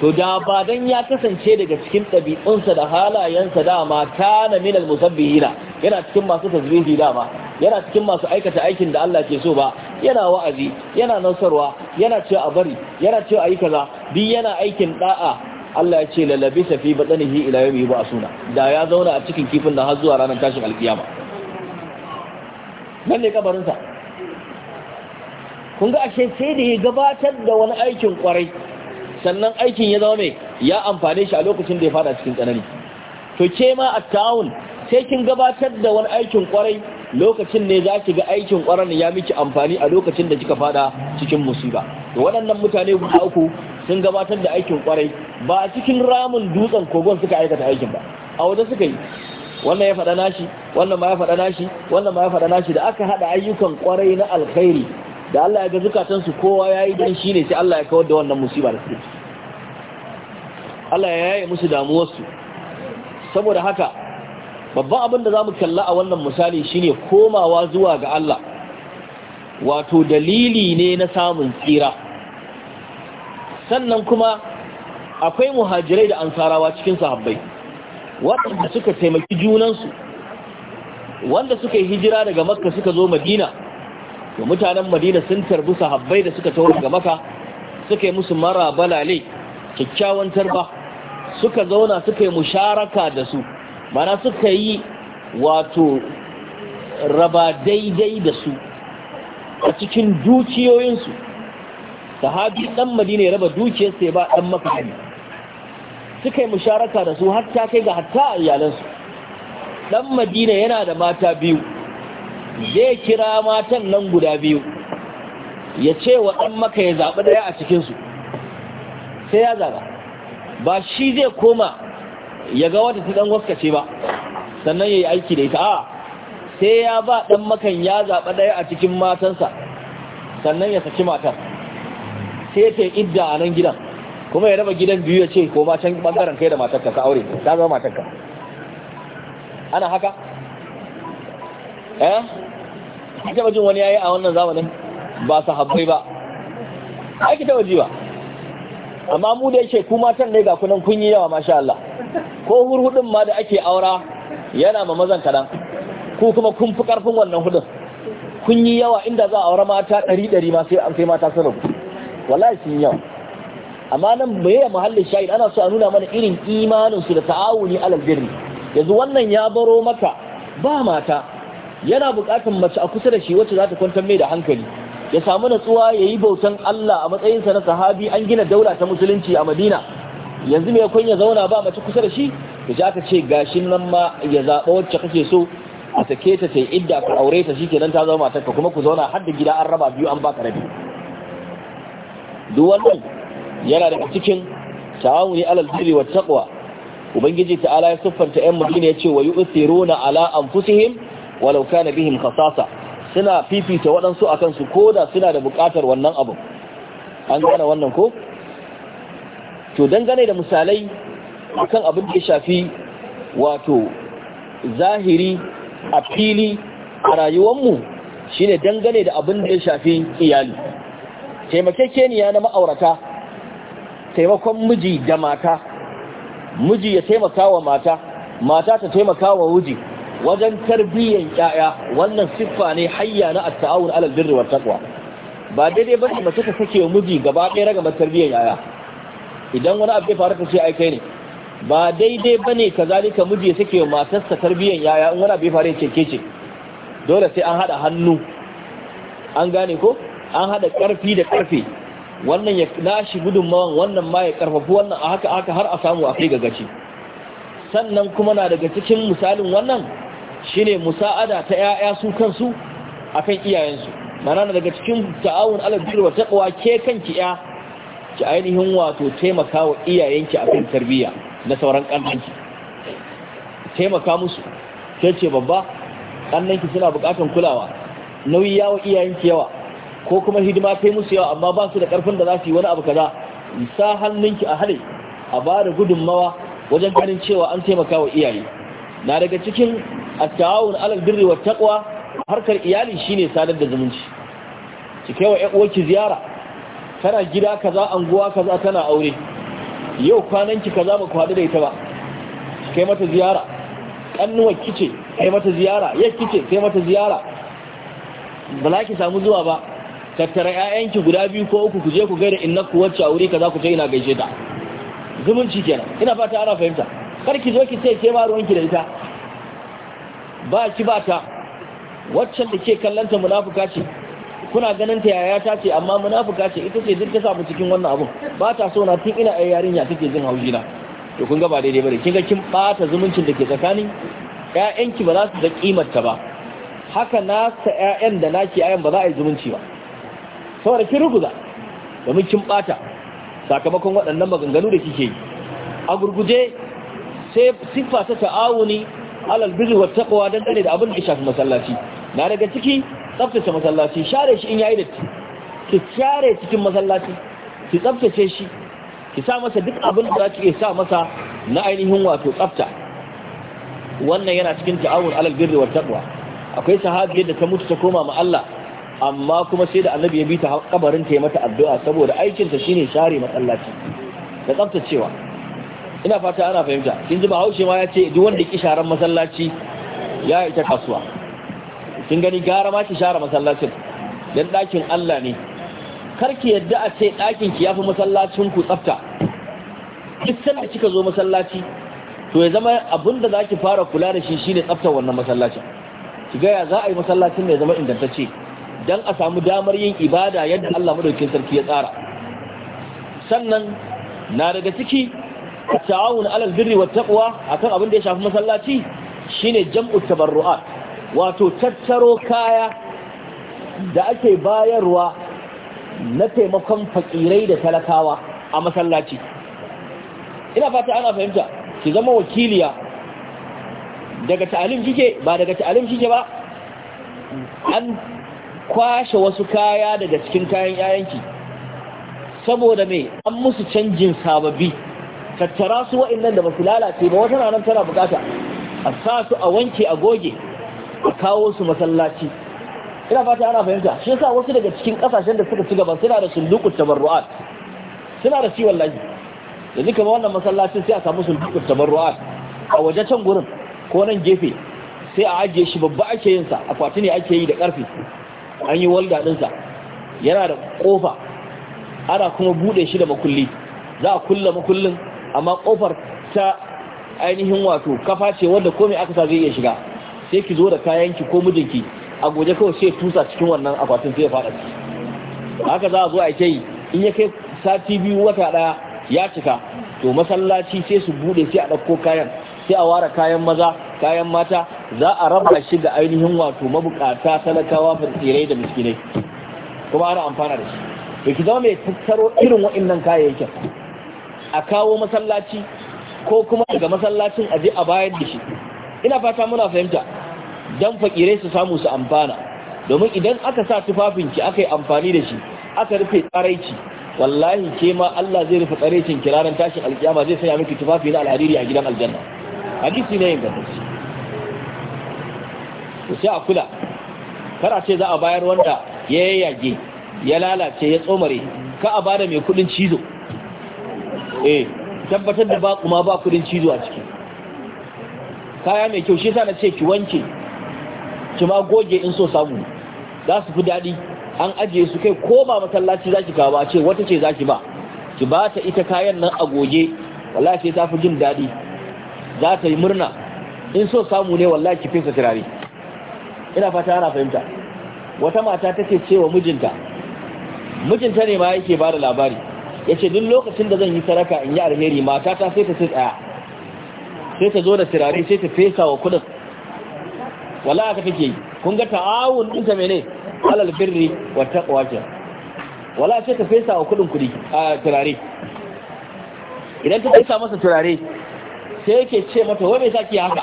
to da ba dan ya kasance daga cikin ɗabi'unsa da halayensa dama kana minal musabbihina yana cikin masu da dama yana cikin masu aikata aikin da Allah ke so ba yana wa'azi yana nasarwa yana cewa a bari yana cewa yi kaza bi yana aikin da'a Allah ya ce lalabisa fi badanihi ila yawmi suna. da ya zauna a cikin kifin da har zuwa ranar tashin alkiyama nan ne kabarinsa kun ga ashe sai da ya gabatar da wani aikin kwarai sannan aikin ya zama mai ya amfane shi a lokacin da ya fada cikin tsanani to ke ma a ta'awun sai kin gabatar da wani aikin kwarai lokacin ne za ki ga aikin kwarai ya miki amfani a lokacin da kika fada cikin musiba to waɗannan mutane guda uku sun gabatar da aikin kwarai ba a cikin ramin dutsen kogon suka aikata aikin ba a waje suka yi wannan ya faɗa nashi wannan ma ya faɗa nashi wannan ma ya faɗa nashi da aka haɗa ayyukan kwarai na alkhairi da Allah ya ga zukatansu kowa ya yi don shi ne sai Allah ya kawar da wannan musiba da suke Allah ya yaye musu damuwarsu saboda haka babban abin da za mu kalla a wannan misali shine komawa zuwa ga Allah wato dalili ne na samun tsira sannan kuma akwai muhajirai da ansarawa cikin sahabbai waɗanda suka taimaki junansu wanda suka yi hijira daga makka suka zo madina da mutanen madina sun tarbi sahabbai da suka taho daga makka suka yi musu mara balale kyakkyawan tarba suka zauna suka yi musharaka da su mana suka yi wato raba daidai da su a cikin dukiyoyinsu sahabi ɗan madina ya raba dukiyarsa ya ba ɗan makani suka yi musharaka da su hatta kai ga hatta iyalansu Ɗan madina yana da mata biyu zai kira matan nan guda biyu ya ce wa ɗan maka ya zaɓi ɗaya a cikinsu sai ya zaɓa ba shi zai koma ya ga wata ta waska waskace ba sannan ya yi aiki da ita a sai ya ba dan makan ya zaɓa ɗaya a cikin matansa sannan ya saki matar sai ta idda a nan gidan kuma ya raba gidan biyu ya ce ko ma can bangaren kai da matarka ka aure ta zama matarka ana haka eh ake taba wani wani yayi a wannan zamanin ba su sahabbai ba ake taɓa taba ji ba amma mu da yake ku matan ne ga kunan kun yi yawa masha Allah ko hurhudin ma da ake aura yana ma mazan kadan ku kuma kun fi karfin wannan hudun kun yi yawa inda za a mata ɗari ɗari ma sai an sai mata sun rabu wallahi sun yawa amma nan bai ya muhallin shahid ana so a nuna mana irin imanin su da ta'awuni alal birri yanzu wannan ya baro maka ba mata yana buƙatar mace a kusa da shi wacce za ta kwantar mai da hankali ya samu natsuwa ya yi bautan Allah a matsayinsa na sahabi an gina daula ta musulunci a madina yanzu mai kun ya zauna ba mace kusa da shi da ji aka ce gashin nan ma ya zaɓa wacce kake so a sake ta ta idda ka aure ta shi kenan ta zama ka kuma ku zauna har da gida an raba biyu an baka rabi duk wannan yana daga cikin ta'awuni alal birri wat taqwa ubangiji ta'ala ya siffanta 'yan madina ya ce wa yu'thiruna ala anfusihim walau kana bihim khasasa suna fifita waɗansu a kansu ko da suna da buƙatar wannan abin an gane wannan ko to dangane da misalai akan abin da ya shafi wato zahiri a fili a rayuwanmu shi shine dangane da abin da ya shafi iyali taimakekeniya na ma'aurata taimakon miji da mata miji ya taimaka wa mata mata ta taimaka wa wuji wajen tarbiyyar yaya wannan siffa ne hayya na at-ta'awun alal birri wa taqwa ba daidai ba mace ta sake miji gaba ɗaya raga tarbiyyar yaya idan wani abu ya faru ka ce ai kai ne ba daidai ba ne kazalika miji ya sake matarsa tarbiyyar yaya in wani abu ya faru ya ce ke ce dole sai an hada hannu an gane ko an hada karfi da karfe wannan ya nashi gudunmawan wannan ma ya ƙarfafi wannan a haka haka har a samu a kai gaci. sannan kuma na daga cikin misalin wannan Shi ne musa'ada ta yaya su kansu a kan iyayensu mana daga cikin ta'awun alal wa taɓawa ke kanki ya ki ainihin wato taimaka wa iyayenki a kan tarbiyya na sauran kannanki taimaka musu ke ce babba kannanki suna buƙatan kulawa nauyi yawa iyayenki yawa ko kuma hidima kai musu yawa amma ba su da ƙarfin da za su yi wani abu kaza sa hannunki a hali a ba da gudunmawa wajen ganin cewa an taimaka wa iyaye na daga cikin at-ta'awun 'alal birri wat taqwa harkar iyali shine sadar da zumunci ki wa ƴan ziyara tana gida kaza anguwa kaza tana aure yau kwananki kaza ba ku haɗu da ita ba kai mata ziyara kannuwar kice kai mata ziyara yakki ce kai mata ziyara ba za ki samu zuwa ba tattara 'ya'yanki guda biyu ko uku ku je ku gaida inna ku wacce aure kaza ku ce ina gaishe ta zumunci kenan ina fata ana fahimta kar ki zo ki ce ke ma ruwanki da ita ba ki ba ta waccan da ke kallanta munafuka ce kuna ganin ta yaya ta ce amma munafuka ce ita ce duk ta samu cikin wannan abun ba ta so na tun ina ai yarinya take jin haushi na to kun ga ba daidai bane kin ga kin bata zumuncin da ke tsakanin ƴaƴanki ba za su da kimar ta ba haka na sa ƴaƴan da naki ayan ba za a yi zumunci ba saboda kin ruguza domin kin bata sakamakon waɗannan maganganu da kike yi a gurguje sai siffa ta ta'awuni alal birri wa taqwa dan dare da abin da shafi masallaci na daga ciki tsaftace masallaci share shi in yayi datti ki share cikin masallaci ki tsaftace shi ki sa masa duk abin da zaki sa masa na ainihin wato tsafta wannan yana cikin ta'awun alal birri wa taqwa akwai sahabiyar da ta mutu ta koma ma Allah amma kuma sai da annabi ya bi ta kabarin ta yi mata addu'a saboda ta shine share masallaci da tsaftacewa ina fata ana fahimta kin ji bahaushe ma ya ce duk wanda ki sharan masallaci ya ita kasuwa kin gani gara ma ki share masallacin dan dakin Allah ne kar ki yadda a ce dakin ki yafi masallacin ku tsafta duk da kika zo masallaci to ya zama abinda zaki fara kula da shi shine tsaftar wannan masallacin ki ga ya za a yi masallacin ne ya zama ingantacce dan a samu damar yin ibada yadda Allah madaukakin sarki ya tsara sannan na daga ciki at-ta'awun 'alal birri akan abin da ya shafi masallaci shine jam'u tabarru'at wato tattaro kaya da ake bayarwa na taimakon fakirai da talakawa a masallaci ina fata ana fahimta ki zama wakiliya daga ta'alim kike ba daga ta'alim kike ba an kwashe wasu kaya daga cikin kayan yayanki saboda me an musu canjin sababbi tattara su wa'annan da ba su lalace ba wata ranar tana bukata a sa su a wanke a goge a kawo su masallaci ina fata ana fahimta shi yasa wasu daga cikin kasashen da suka ci gaba suna da sundukut tabarru'at suna da ciwon laji yanzu kamar wannan masallacin sai a samu sundukut tabarru'at a waje can gurin ko nan gefe sai a ajiye shi babba ake yin sa akwati ne ake yi da karfi an yi walda din sa yana da kofa ana kuma bude shi da makulli za a kulla makullin amma kofar ta ainihin wato kafa ce wanda komai aka sa zai iya shiga sai ki zo da kayan ki ko mijinki a goje kawai sai tusa cikin wannan akwatin sai ya faɗa haka za a zo a kai in ya kai sati biyu wata daya ya cika to masallaci sai su bude sai a ɗauko kayan sai a ware kayan maza kayan mata za a raba shi da ainihin wato mabukata talakawa fitirai da miskinai kuma ana amfana da shi ki zama mai tattaro irin waɗannan kayayyakin a kawo masallaci ko kuma daga masallacin aje a bayar da shi ina fata muna fahimta dan fakire su samu su amfana domin idan aka sa tufafin ki aka yi amfani da shi aka rufe tsaraici wallahi ke ma Allah zai rufe tsaraicin kiraran tashin alkiyama zai sanya miki tufafi na alhariri a gidan aljanna hadisi ne yin gabanci to sai a kula kara ce za a bayar wanda ya yayyage ya lalace ya tsomare ka a bada mai kudin cizo eh tabbatar da ba kuma ba kudin cizo a ciki kaya mai kyau shi yasa na ce ki wanke ki ma goge in so samu za su fi daɗi an ajiye su kai ko ba masallaci zaki kawo ba ce wata ce zaki ba ki ba ta ita kayan nan a goge wallahi sai ta fi jin daɗi za ta yi murna in so samu ne wallahi ki fesa turare ina fata ana fahimta wata mata take cewa mijinta mijinta ne ma yake ba da labari ya ce duk lokacin da zan yi saraka in yi alheri matata sai ta sai tsaya sai ta zo da turare sai ta fesa wa kudin wala aka ke yi kun ga ta'awun ɗinta mene alal birri wa taqwa ke wala sai ta fesa wa kudin kudi a turare idan ta fesa masa turare sai yake ce mata wai sa ke haka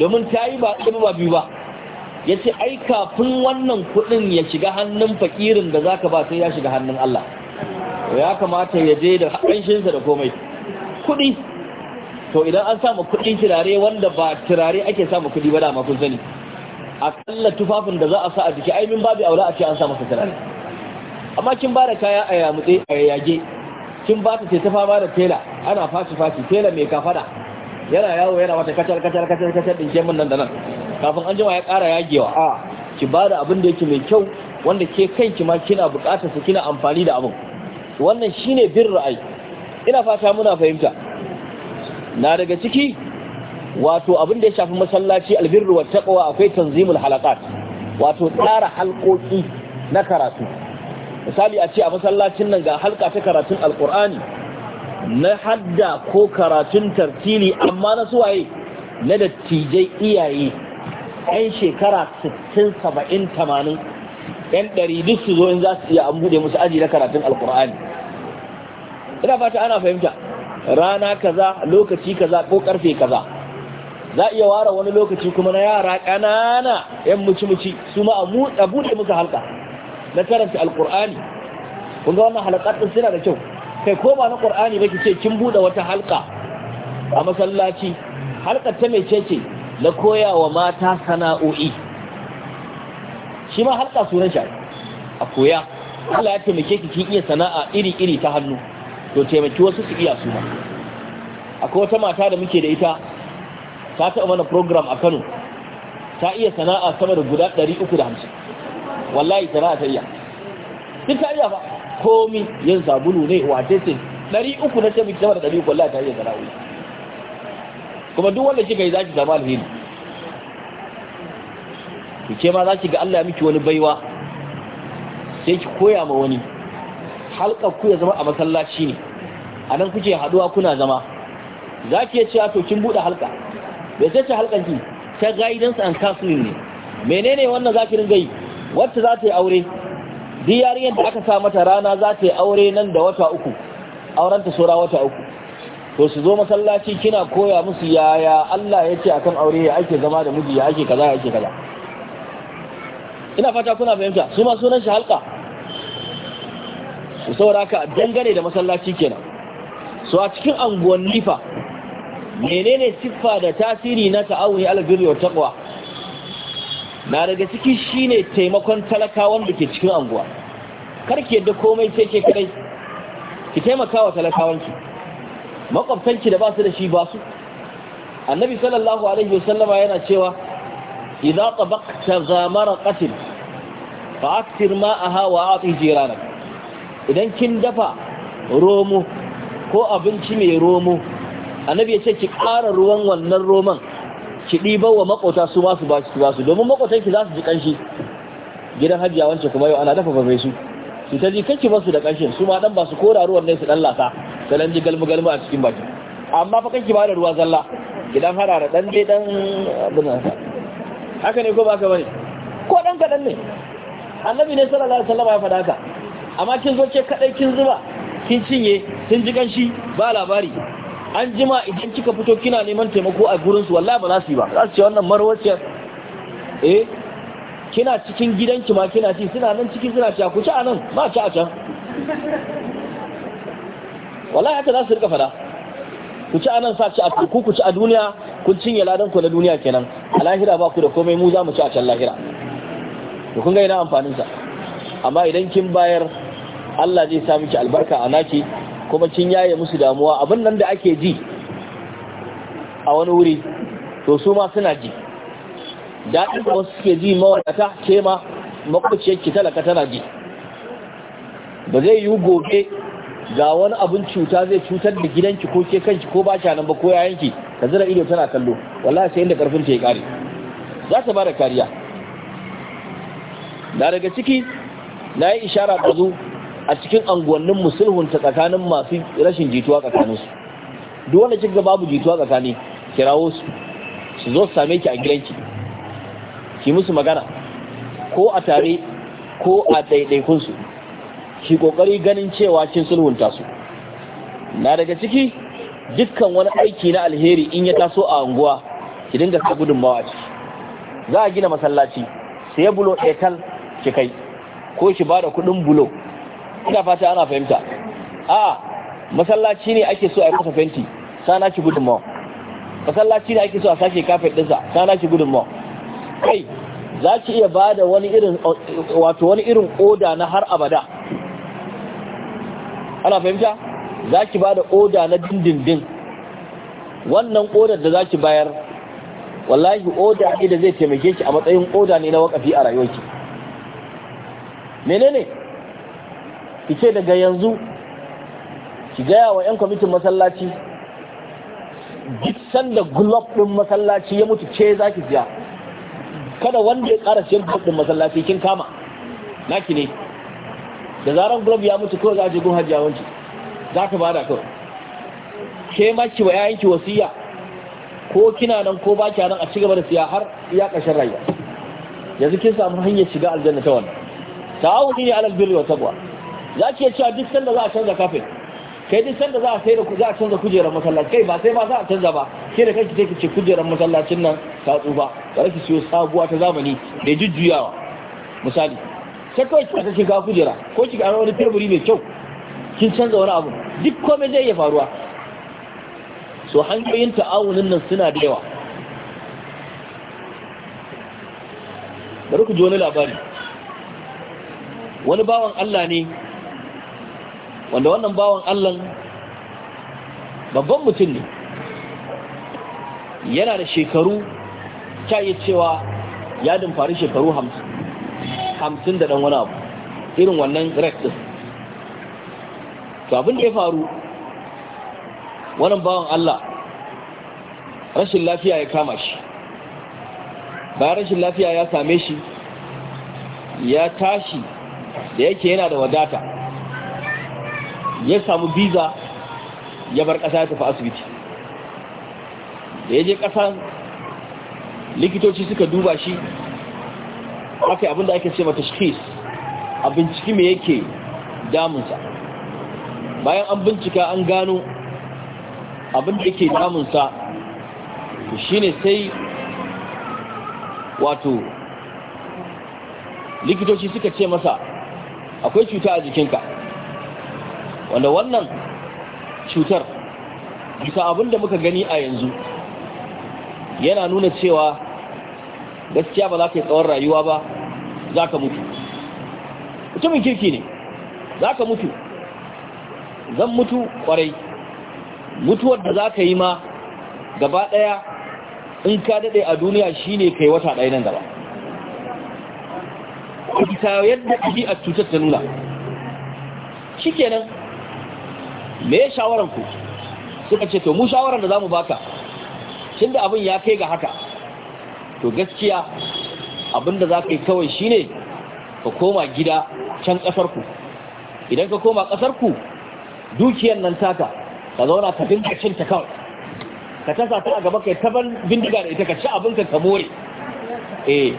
domin ta yi ba ɗaya ba biyu ba ya ce ai kafin wannan kudin ya shiga hannun fakirin da zaka ba sai ya shiga hannun Allah ya kamata ya je da ƙanshinsa da komai kuɗi to idan an samu kuɗin turare wanda ba turare ake samu kuɗi ba ma kun sani akalla tufafin da za a sa a jiki mun babu aula a ce an samu turare amma kin ba da kaya a yamutse a yage kin ba ta ce ta fama da tela ana fashi fashi tela mai kafada yana yawo yana wata kacal-kacal, kacal-kacal, kacal din mun nan da nan kafin an jima ya ƙara yagewa a ki ba da abin da yake mai kyau wanda ke kanki ma kina buƙatar kina amfani da abin wannan shi ne bin ra'ayi ina fata muna fahimta na daga ciki wato abin da ya shafi masallaci albirru wa taqwa akwai tanzimul halaqat wato tsara halkoki na karatu misali a ce a masallacin nan ga halka ta karatun alqur'ani na hadda ko karatun tartili amma na suwaye na dattijai iyaye 'yan shekara 60 70 80 yan ɗari duk su zo in za su iya an buɗe musu aji na karatun alkur'ani ina fata ana fahimta rana kaza lokaci kaza ko karfe kaza za iya ware wani lokaci kuma na yara ƙanana yan muci-muci su ma a buɗe musu halka na karanta alkur'ani kun ga wannan halakatun suna da kyau kai ko ba na ƙur'ani ba ki ce kin buɗe wata halka a masallaci halkar ta mai ce na koya wa mata sana'o'i shi ma halka sunan shi a koya Allah ya taimake ki kin iya sana'a iri-iri ta hannu to taimaki wasu su iya su ma akwai wata mata da muke da ita ta taɓa mana program a Kano ta iya sana'a sama da guda 350 wallahi sana'a ta iya duk ta iya ba komi yin sabulu ne wace ce 300 na ce miki sama da 300 wallahi ta iya sana'a kuma duk wanda kika yi zaki zama alheri to ke ma za ki ga Allah ya miki wani baiwa sai ki koya ma wani halka ku ya zama a masallaci ne a nan kuke haduwa kuna zama za ki ce to kin buɗe halka bai sai ce halkan ki ta guidance and counseling ne menene wannan za ki ringa yi wacce za ta yi aure duk yarinyar da aka sa mata rana za ta yi aure nan da wata uku aurenta sura wata uku to su zo masallaci kina koya musu yaya Allah ya ce akan aure ya ake zama da miji ya ake kaza ya ake kaza ina fata kuna fahimta su ma sunan shi halka saboda haka dangane da masallaci kenan Su a cikin anguwan nifa menene siffa da tasiri na ta'awuni birri wa taqwa na daga ciki shine taimakon talakawan da ke cikin anguwa kar ki yadda komai sai ke kai ki taimaka wa talakawanki makwabtanki da ba su da shi ba su annabi sallallahu alaihi wasallama yana cewa idza tabaqta zamara qatil fa aktir ma'aha wa ati jiranak idan kin dafa romo ko abinci mai romo annabi ya ce ki ƙara ruwan wannan roman ki ɗiba wa makota su masu ba su ba su domin makotan ki za su ji ƙanshi gidan hajiya wance kuma yau ana dafa mai su su ta ji kanki basu da ƙanshin su ma dan ba su kora ruwan ne su dan lasa sanan ji galmu galmu a cikin baki amma fa kanki ba da ruwa zalla gidan hada da dan dai dan abin haka ne ko ba ka bane ko dan kadan ne annabi ne sallallahu alaihi wasallam ya fada ka amma kin zo ce kadai kin zuba kin cinye kin ji ganshi ba labari an jima idan kika fito kina neman taimako a gurin su wallahi ba za su yi ba za su ce wannan marwaciyar eh kina cikin gidanki ma kina ci suna nan cikin suna ci ku ci anan ba ci a can wallahi haka za su rika fada ku ci anan sa ci a ku ku ci a duniya kun cinye ladan ku na duniya kenan a lahira ba ku da komai mu za mu ci a can lahira Ka kun ga ina amfanin sa amma idan kin bayar Allah zai sa miki albarka a naki kuma kin yaye musu damuwa abin nan da ake ji a wani wuri to su ma suna ji daɗin da wasu suke ji mawadata ke ma ki talaka tana ji ba zai yi gobe ga wani abin cuta zai cutar da gidanki ko ke kanki ko ba nan ba ko yayanki ka zira ido tana kallo wallahi sai inda karfin ta ya kare za ta bada kariya na daga ciki na yi ishara ɗazu a cikin anguwannin ta tsakanin masu rashin jituwa tsakaninsu duk wanda cikin babu jituwa tsakani kirawo su su zo su same ki a gidanki ki musu magana ko a tare ko a ɗaiɗaikunsu ki ƙoƙari ganin cewa kin sulhunta su na daga ciki dukkan wani aiki na alheri in ya taso a unguwa ki dinga sa gudunmawa a ciki za a gina masallaci sai bulo ɗaya ki kai ko ki da kudin bulo ina fata ana fahimta a masallaci ne ake so a yi masa fenti sana gudun gudunmawa masallaci ne ake so a sake kafet ɗinsa sana gudun gudunmawa kai za ki iya ba da wani irin wato wani irin oda na har abada ana fahimta za ki ba da oda na dindindin wannan odar da za ki bayar wallahi oda ne da zai taimake ki a matsayin oda ne na wakafi a rayuwarki menene ki ce daga yanzu ki gaya wa 'yan kwamitin masallaci gitsan da gulob ɗin masallaci ya mutu ce za ki siya kada wanda ya ƙara siyan gulob ɗin masallaci kin kama naki ne da zaren gulob ya mutu kawai za a je hajji yawanci za ka bada kawai ke ma ki wa 'ya'yanki wasiya ko kina nan ko ba kya nan a ci gaba da siya har iya ƙashin rayuwa yanzu kin samu hanyar shiga aljanna ta wannan ta'awudi ne alal birri wa taqwa zaki ya cewa duk sanda za a canza kafin kai duk sanda za a sai da za a canza kujerar masallaci kai ba sai ba za a canza ba ke da kanki take ce kujerar masallacin nan ta tsufa ba ki siyo sabuwa ta zamani mai jujjuyawa misali sai kawai ki take ga kujera ko ki ga wani firburi mai kyau kin canza wani abu duk komai zai iya faruwa so hanyoyin ta'awunin nan suna da yawa bari ku ji wani labari wani bawan Allah ne wanda wannan bawan Allah babban mutum ne yana da shekaru ta yi cewa ya faru shekaru hamsin da ɗan wani abu irin wannan rektis to abin da ya faru wannan bawan Allah rashin lafiya ya kama shi bayan rashin lafiya ya same shi ya tashi da yake yana da wadata ya samu biza ya bar ƙasa ya tafi asibiti da ya je ƙasa likitoci suka duba shi aka yi abinda ake ce mata shikis a binciki mai yake damunsa bayan an bincika an gano abinda yake damunsa shi ne sai wato likitoci suka ce masa akwai cuta a jikinka wanda wannan cutar bisa abinda muka gani a yanzu yana nuna cewa gaskiya ba za ka yi tsawon rayuwa ba za ka mutu mutumin kirki ne za ka mutu zan mutu kwarai mutuwar da za ka yi ma gaba ɗaya in ka daɗe a duniya shine kai wata ɗaya nan gaba a bisa yadda ɗabi'ar cutar ta nuna shi kenan me ya shawaran ku suka ce to mu shawaran da za mu baka tun da abin ya kai ga haka to gaskiya abin da za ka yi kawai shine ka koma gida can ƙasarku idan ka koma ƙasarku dukiyar nan taka ka zauna ka dinka cin ta kawai ka tasa ta a gaba kai taban bindiga da ita ka ci abinka ka more eh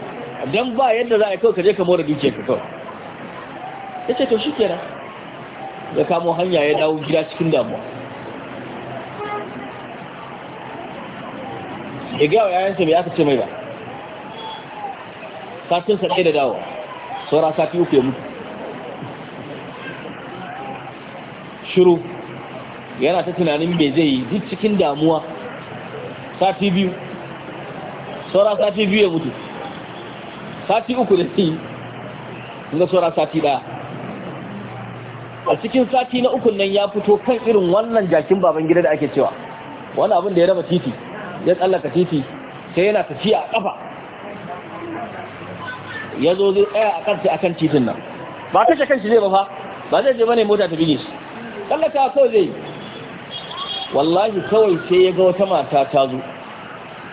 don ba yadda za a kawai kaje je ka more dukiyar ka kawai ya ce to shi kenan ya kamo hanya ya dawo gida cikin damuwa ya gaya wa yayansa mai aka ce mai ba satin sa ɗaya da dawo saura sati uku ya mutu shiru yana ta tunanin me zai yi duk cikin damuwa sati biyu saura sati biyu ya mutu sati uku da yi na tsora sati ɗaya a cikin sati na uku nan ya fito kan irin wannan jakin baban gida da ake cewa wani abin da ya raba titi ya tsallaka titi sai yana tafiya a ƙafa ya zo zai tsaya a a kan titin nan ba kashe kanshi zai ba fa ba zai je bane mota ta bige shi tsallaka kawai zai wallahi kawai sai ya ga wata mata ta zo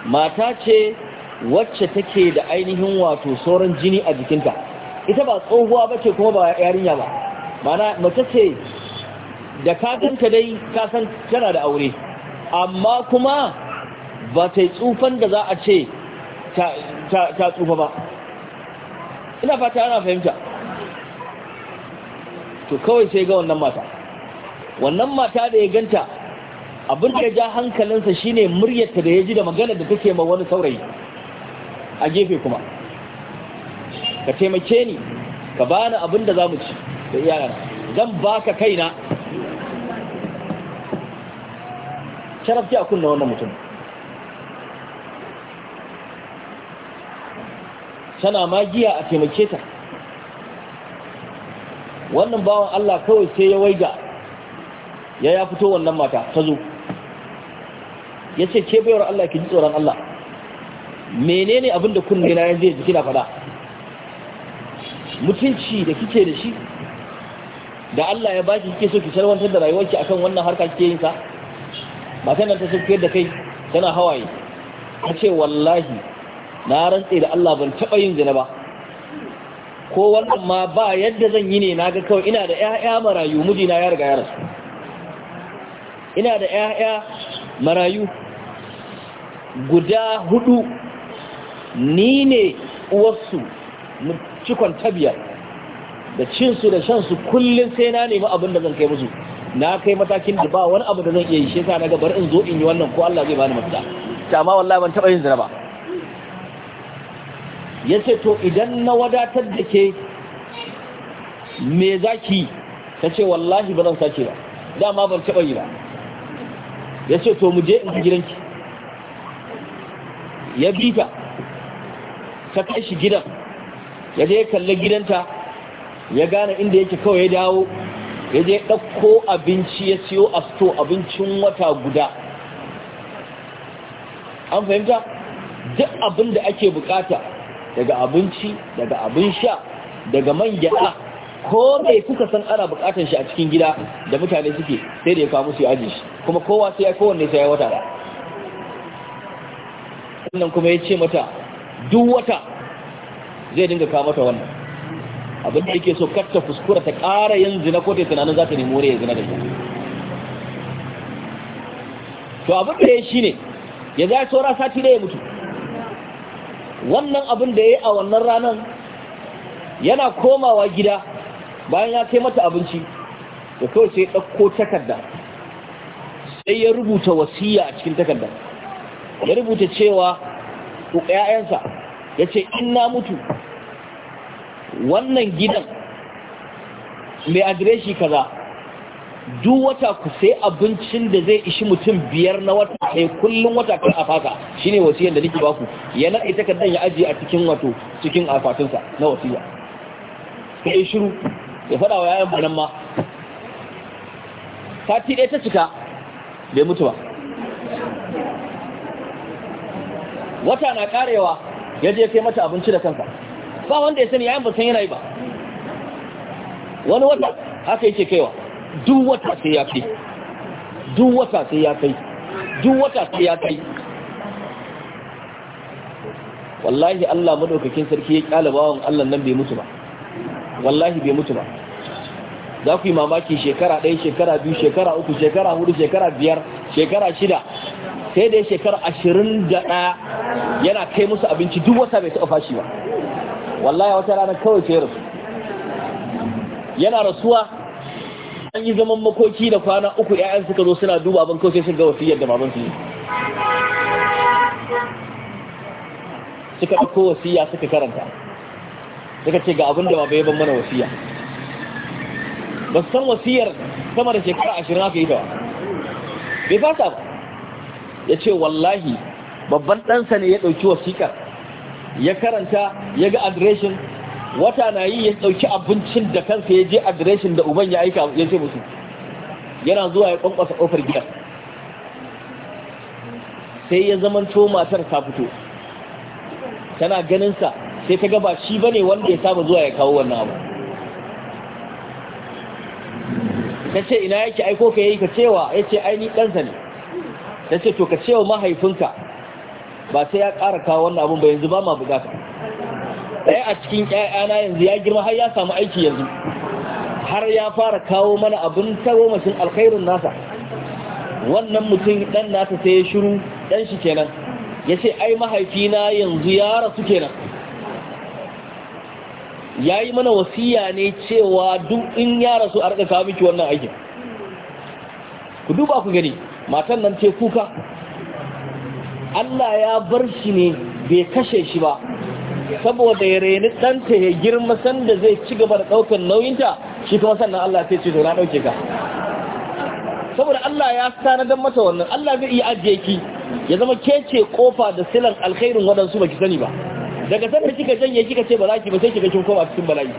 mata ce wacce take da ainihin wato sauran jini a jikinta ita ba tsohuwa ba ce kuma ba yarinya ba mana mace ce da ka dai ka tana da aure amma kuma ba ta yi tsufan da za a ce ta tsufa ba ina fata ana fahimta to kawai sai ga wannan mata wannan mata da ya ganta abin da ya ja hankalinsa shine muryarta da ya ji da magana da take ma wani saurayi a gefe kuma ka taimake ni ka bani abin da za mu ci da iyayen zan baka kaina sharafi a kunna wannan mutum tana magiya a taimake ta wannan bawan Allah kawai sai ya waiga ya ya fito wannan mata ta zo ya ce ke Allah ki ji tsoron Allah menene abin da kunne na yanzu yanzu kina fada mutunci da kike da shi da Allah ya baki kike so ki sarwantar da rayuwarki akan wannan harka kike yin sa matan nan ta da kai tana hawaye ta ce wallahi na rantse da Allah ban taba yin zina ba ko wannan ma ba yadda zan yi ne na ga kawai ina da ƴaƴa marayu mijina ya riga ya rasu ina da ƴaƴa marayu guda hudu ni ne uwarsu cikon tabiya da cinsu da shansu kullum sai na nemi abin da zan kai musu na kai matakin da ba wani abu da zan iya yi shi na gabar in zo in yi wannan ko Allah zai bani mafita ta ma wallahi ban taba yin zina ba yace to idan na wadatar da ke me zaki tace wallahi ba zan sace ba dama ban taba yi ba yace to mu je in gidanki ya bita ta kai shi gidan ya je kalli gidanta ya gane inda yake kawai ya dawo ya je ɗauko abinci ya siyo a sto abincin wata guda an fahimta duk abin da ake bukata daga abinci daga abin sha daga man gyada ko mai kuka san ana bukatan shi a cikin gida da mutane suke sai da ya kawo musu yaji shi kuma kowa sai ya kowanne sai ya wata da sannan kuma ya ce mata duk wata zai dinga kawo mata wannan abin da yake so katta fuskura ta ƙara yin zina ko ta tunanin za ta nemi wuri ya zina da shi to abin da ya shi ne ya za saura sati da ya mutu wannan abin da ya yi a wannan ranar yana komawa gida bayan ya kai mata abinci da kawai sai ɗauko takarda sai ya rubuta wasiya a cikin takarda ya rubuta cewa ko ya ce in na mutu wannan gidan mai adireshi kaza duk wata ku sai abincin da zai ishi mutum biyar na wata sai kullum wata kan shi shine wasiyan da nake baku ya nade takardan ya ajiye a cikin wato cikin alfatunsa na wasiya sai shiru ya fada wa yayan banan ma sati ɗaya ta cika bai mutu ba wata na karewa ya je kai mata abinci da kanka ba wanda ya sani yayin ba san yana yi ba wani wata haka yake kaiwa duk wata sai ya kai duk wata sai ya kai duk wata sai ya kai wallahi Allah madaukakin sarki ya kyala bawan Allah nan bai mutu ba wallahi bai mutu ba za ku yi mamaki shekara ɗaya shekara biyu shekara uku shekara hudu shekara biyar shekara shida sai dai shekarar ashirin da ɗaya yana kai musu abinci duk wata bai taɓa fashi ba wallahi wata rana kawai ce rasu yana rasuwa an yi zaman makoki da kwana uku 'ya'yan suka zo suna duba abin kawai sun ga wasiyar da baban su yi suka ɗauko wasiya suka karanta suka ce ga abin da babai ban mana wasiya ba san wasiyar sama da shekara ashirin aka yi ta ba bai fasa ba ya ce wallahi babban ɗansa ne ya ɗauki wasiƙar ya karanta ya ga adireshin wata na yi ya ɗauki abincin da kansa ya je adireshin da uban ya aika ya ce musu yana zuwa ya ƙwanƙwasa ƙofar gidan sai ya to matar ta fito tana ganinsa sai ta gaba shi bane wanda ya saba zuwa ya kawo wannan abu ta ce ina yake aiko ka yi ka cewa ya ce aini ɗansa ne ta ce to ka ce wa mahaifinka ba sai ya ƙara kawo wannan abin ba yanzu ba ma bugata ɗaya a cikin ƴaƴana yanzu ya girma har ya samu aiki yanzu har ya fara kawo mana abin tagomashin alkhairun nasa wannan mutum ɗan nasa sai ya shiru ɗan shi kenan ya ce ai mahaifina yanzu ya rasu kenan ya yi mana wasiya ne cewa duk in ya rasu a rika kawo miki wannan aikin ku duba ku gani matan nan ce kuka Allah ya bar shi ne bai kashe shi ba saboda ya reni ɗanta ya girma sanda zai ci gaba da ɗaukar nauyinta shi kuma sannan Allah ya ce to na ɗauke ka saboda Allah ya don mata wannan Allah zai iya ajiye ki ya zama kece kofa da silan alkhairin waɗansu baki sani ba daga sanda kika janye kika ce ba za ki ba sai kika kin koma cikin bala'i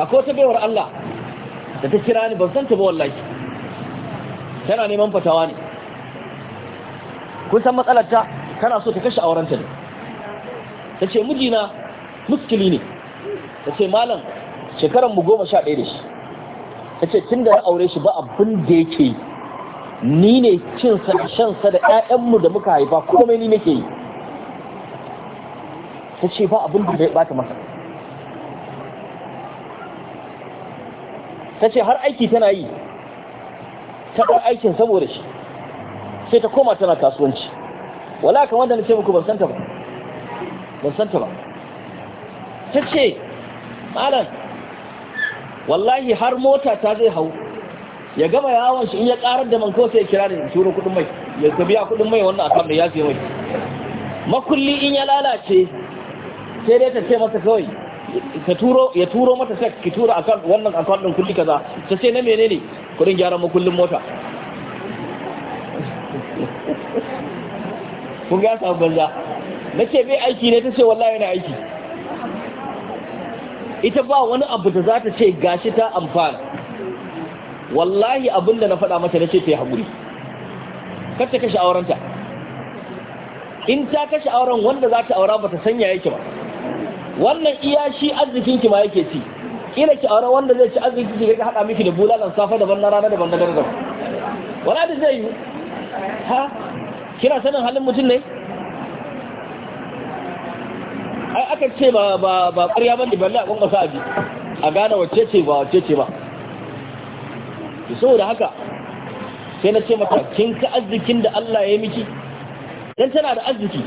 akwai ta baiwar Allah da ta kira ni ban santa ba wallahi tana neman fatawa ne kun san matsalar ta kana so ta kashe aurenta ne ta ce mijina muskili ne ta ce malam shekaran mu goma sha ɗaya da shi ta ce tun da aure shi ba abin da yake ke, ni ne sa da sa da mu da muka haifa komai ni nake yi ta ce ba abin da ya bata masa ta ce har aiki tana yi ta ɗan aikin saboda shi sai ta koma tana kasuwanci wala kamar da na ce muku ban ba bansanta ba ta ce malam wallahi har mota ta zai hau ya gama yawon shi in ya karar da man kawai sai kira da turo kudin mai ya a kudin mai wannan akan ya ce mai makulli in ya lalace sai dai ta ce masa kawai turo ya turo mata tek ki tura akan wannan akan din kulli kaza ta ce na menene kudin gyaran makullin mota kun ga sabu banza nace bai aiki ne ta ce wallahi yana aiki ita ba wani abu da za ta ce gashi ta amfana wallahi abin da na faɗa mata na ce ta yi haƙuri kar ta kashe aurenta in ta kashe auren wanda za ta aura ba ta sanya yake ba wannan iya shi arzikin ki ma yake ci ina ki aure wanda zai ci arziki ki ga hada miki da bulalan safa daban na rana daban na dare daban wala da zai yi ha kina sanin halin mutum ne ai aka ce ba ba ba ƙarya bane balle a kwankwasa abi a gane wacce ce ba wacce ce ba saboda haka sai na ce mata kin ka arzikin da Allah ya yi miki dan tana da arziki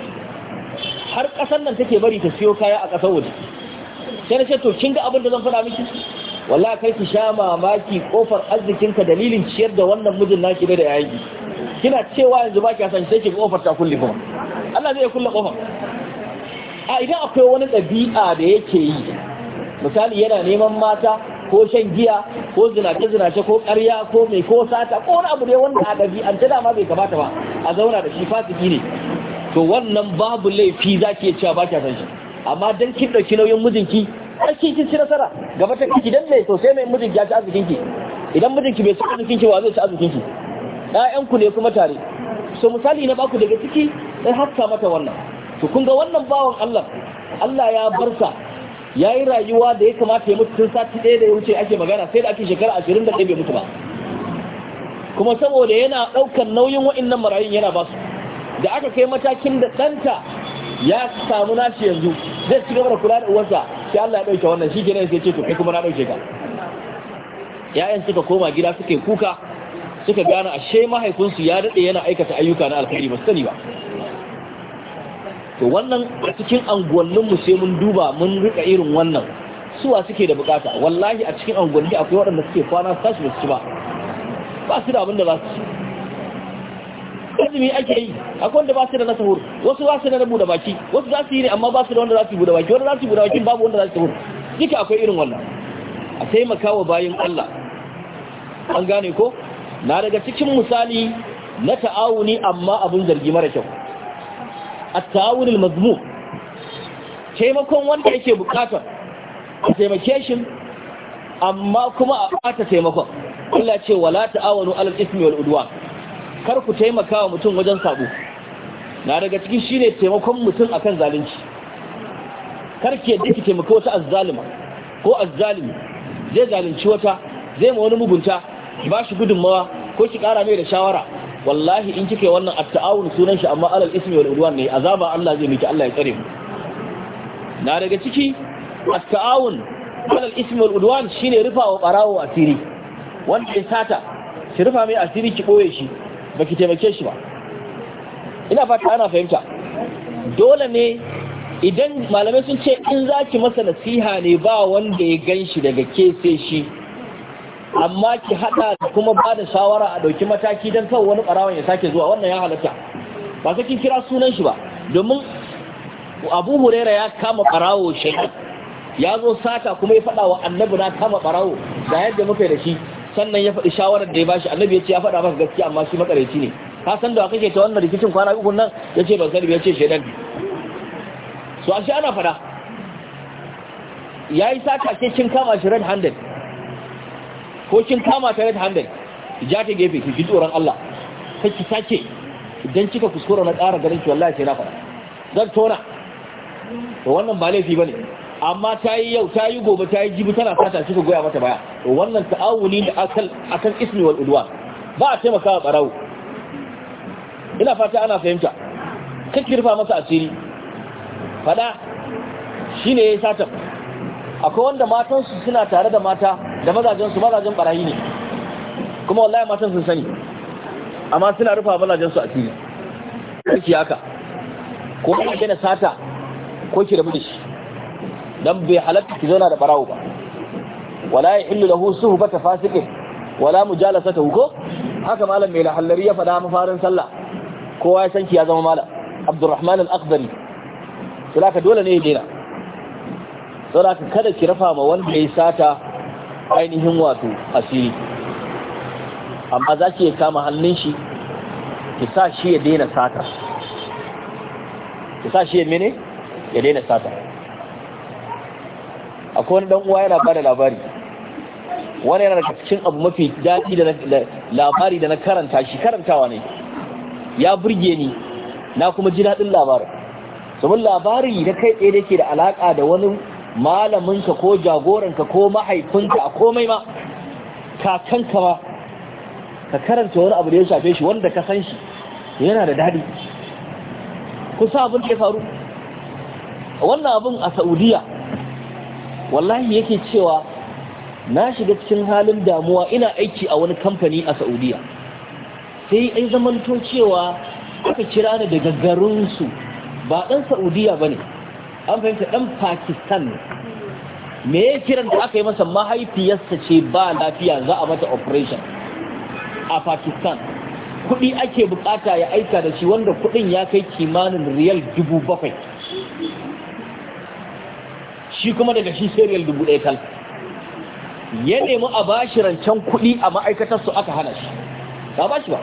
har kasar nan take bari ta siyo kaya a kasar waje sai na ce to kin ga abin da zan faɗa miki wallahi kai ki sha mamaki kofar arzikinka dalilin ciyar da wannan mijin naki da yayi kina cewa yanzu ba ki san sai ki kofar ta kulle kuma Allah zai kulle kofar a idan akwai wani ɗabi'a da yake yi misali yana neman mata ko shan giya ko zinace zinace ko ƙarya ko mai ko sata ko wani abu ne wanda a ɗabi'ance dama bai kamata ba a zauna da shi fasiki ne to wannan babu laifi za ki cewa ba ki san shi amma dan kin dauki nauyin mijinki har ki ci nasara gaba ta kiki dan mai to sai mai mijinki ya ci arzikin idan mijinki bai ci arzikin ki wa zai ci arzikin ɗayan ku ne kuma tare so misali na baku daga ciki sai haska mata wannan to kun ga wannan bawan Allah Allah ya bar sa ya yi rayuwa da ya kamata ya mutu tun sati ɗaya da ya wuce ake magana sai da ake shekara ashirin da ɗaya bai mutu ba kuma saboda yana ɗaukar nauyin wa'innan marayun yana basu. su da aka kai matakin da ɗanta ya samu nashi yanzu zai ci gaba da kula da uwarsa sai Allah ya ɗauke wannan shi ke nan sai ce to kai kuma na ɗauke ka Ya'yan suka koma gida suka kuka suka gane ashe mahaifinsu ya daɗe yana aikata ayyuka na alkhairi ba sani ba to wannan a cikin mu sai mun duba mun rika irin wannan suwa suke da bukata wallahi a cikin anguwanni akwai waɗanda suke kwana sashi ba su ci ba ba su da abin da za su ci azumi ake yi akwai wanda ba su da nasahur wasu ba su da rabu da baki wasu za su yi ne amma ba su da wanda za su yi buɗe baki wanda za su yi buɗe baki babu wanda za su sahur duka akwai irin wannan a taimaka wa bayan Allah an gane ko na daga cikin misali na ta'awuni amma abin zargi mara kyau at-ta'awun al-mazmum taimakon wanda yake bukata a taimake shi amma kuma a bata taimakon Allah ce wala ta'awunu alal ismi wal udwan kar ku taimaka wa mutum wajen sabo na daga cikin ne taimakon mutum a kan zalunci kar ki yadda ki taimaka wata azzalima ko azzalimi zai zalunci wata zai ma wani mugunta ki ba shi gudunmawa ko ki kara mai da shawara wallahi in kike wannan atta'awun taawun sunan shi amma alal ismi wal udwan ne azaba Allah zai miki Allah ya tsare mu na daga ciki atta'awun taawun alal ismi wal udwan shine rufa wa barawo asiri wanda ya sata ki rufa mai asiri ki boye shi baki taimake shi ba ina fata ana fahimta dole ne idan malamai sun ce in za ki masa nasiha ne ba wanda ya gan shi daga ke sai shi amma ki hada da kuma ba da shawara a ɗauki mataki don kawo wani ɓarawan ya sake zuwa wannan ya halatta ba sai kin kira sunan shi ba domin abu huraira ya kama ɓarawo shi ya zo sata kuma ya faɗa wa annabi na kama ɓarawo da yadda muka da shi sannan ya faɗi shawarar da ya bashi annabi ya ce ya faɗa masa gaskiya amma shi makareci ne ka san da kake ta wannan rikicin kwana uku nan ya ce ban sani ya ce shaidan so a shi ana faɗa ya yi sata ke kin kama shi red handed ko kin kama ta red handed ja ta gefe ki ji tsoron Allah ki sake idan kika kuskura na ƙara garin ki wallahi sai na faɗa zan tona to wannan ba laifi bane amma ta yi yau ta yi gobe ta yi jibi tana sata shi ka goya mata baya wannan ta'awuni da akal akan ismi wal udwa ba a taimaka wa barawo ina fata ana fahimta kake rufa masa asiri fada shine yayi sata akwai wanda matan su suna tare da mata da mazajen su mazajen barayi ne kuma wallahi matan sun sani amma suna rufa mazajen su asiri kake haka ko kuma kina sata ko ki rabu da shi dan bai halatta ki zauna da barawo ba wala yahillu lahu suhbata fasiqin wala mujalasatuhu ko haka malam mai lahallari ya faɗa mafarin sallah kowa ya san ki ya zama malam Abdurrahman al-Akhdari sulaka dole ne ya daina saboda kada ki rafa ma wanda ya sata ainihin wato asiri amma za ki kama hannun shi ki sa shi ya daina sata ki sa shi ya mene ya daina sata akwai wani dan uwa yana bada labari wani yana da cikin abu mafi daɗi da labari da na karanta shi karantawa ne ya burge ni na kuma ji daɗin labarin domin labari na kai tsaye da ke da alaƙa da wani malaminka ko jagoranka ko mahaifinka a komai ma kakanka ma ka karanta wani abu da ya shafe shi wanda ka san shi yana da daɗi kusa abin da ya faru wannan abin a Saudiyya. wallahi yake cewa na shiga cikin halin damuwa ina aiki a wani kamfani a saudiya sai ai zamanto cewa aka kira ni daga garinsu ba ɗan saudiya ba ne an fahimta ɗan pakistan ne me ya kiran da aka yi masa mahaifiyarsa ce ba lafiya za a mata operation a pakistan kuɗi ake bukata ya aika da shi wanda kuɗin ya kai kimanin riyal dubu bakwai shi kuma daga shi seriyal dubu ɗaya tal ya nemi a bashi rancen kuɗi a ma'aikatar su aka hana shi ba bashi ba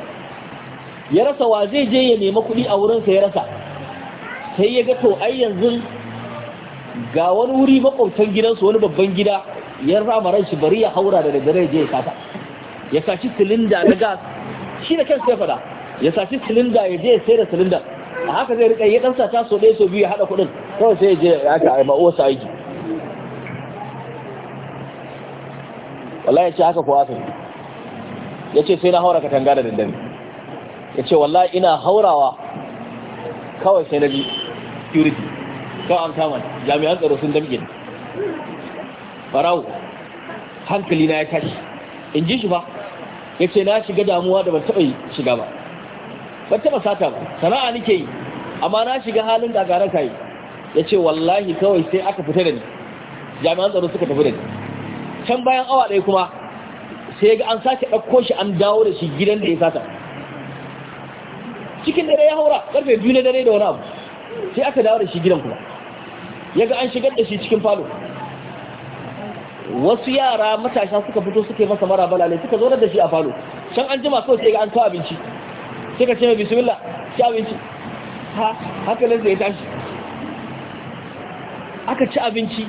ya rasa wa zai je ya nemi kuɗi a wurinsa ya rasa sai ya ga to ai yanzu ga wani wuri makwabtan gidansu wani babban gida ya rama ran shi bari ya haura da daddare je ya sata ya saci silinda na gas shi da kansa ya fada ya saci silinda ya je ya sayar da silinda a haka zai rika ya ɗansa sata so ɗaya so biyu ya haɗa kuɗin kawai sai ya je ya aka ai ma'uwarsa aiki wallahi ya ce haka ko aka ya ce sai na haura katanga da daddare ya ce wallahi ina haurawa kawai sai na ji purity kawai an kama jami'an tsaro sun damge ni Farawo hankali na ya tashi in ji shi ba ya ce na shiga damuwa da ban taɓa shiga ba ban taɓa sata ba sana'a nike yi amma na shiga halin da gara ka yi ya ce wallahi kawai sai aka fita da ni jami'an tsaro suka tafi da ni can bayan awa ɗaya kuma sai ga an sake ɗauko shi an dawo da shi gidan da ya sata cikin dare ya haura ƙarfe biyu na dare da wani abu sai aka dawo da shi gidan kuma ya ga an shigar da shi cikin falo wasu yara matasha suka fito suke masa mara balale suka zo da shi a falo can an jima kawai sai ga an kawo abinci sai ka ce mai bismillah ci abinci ha haka nan ya tashi aka ci abinci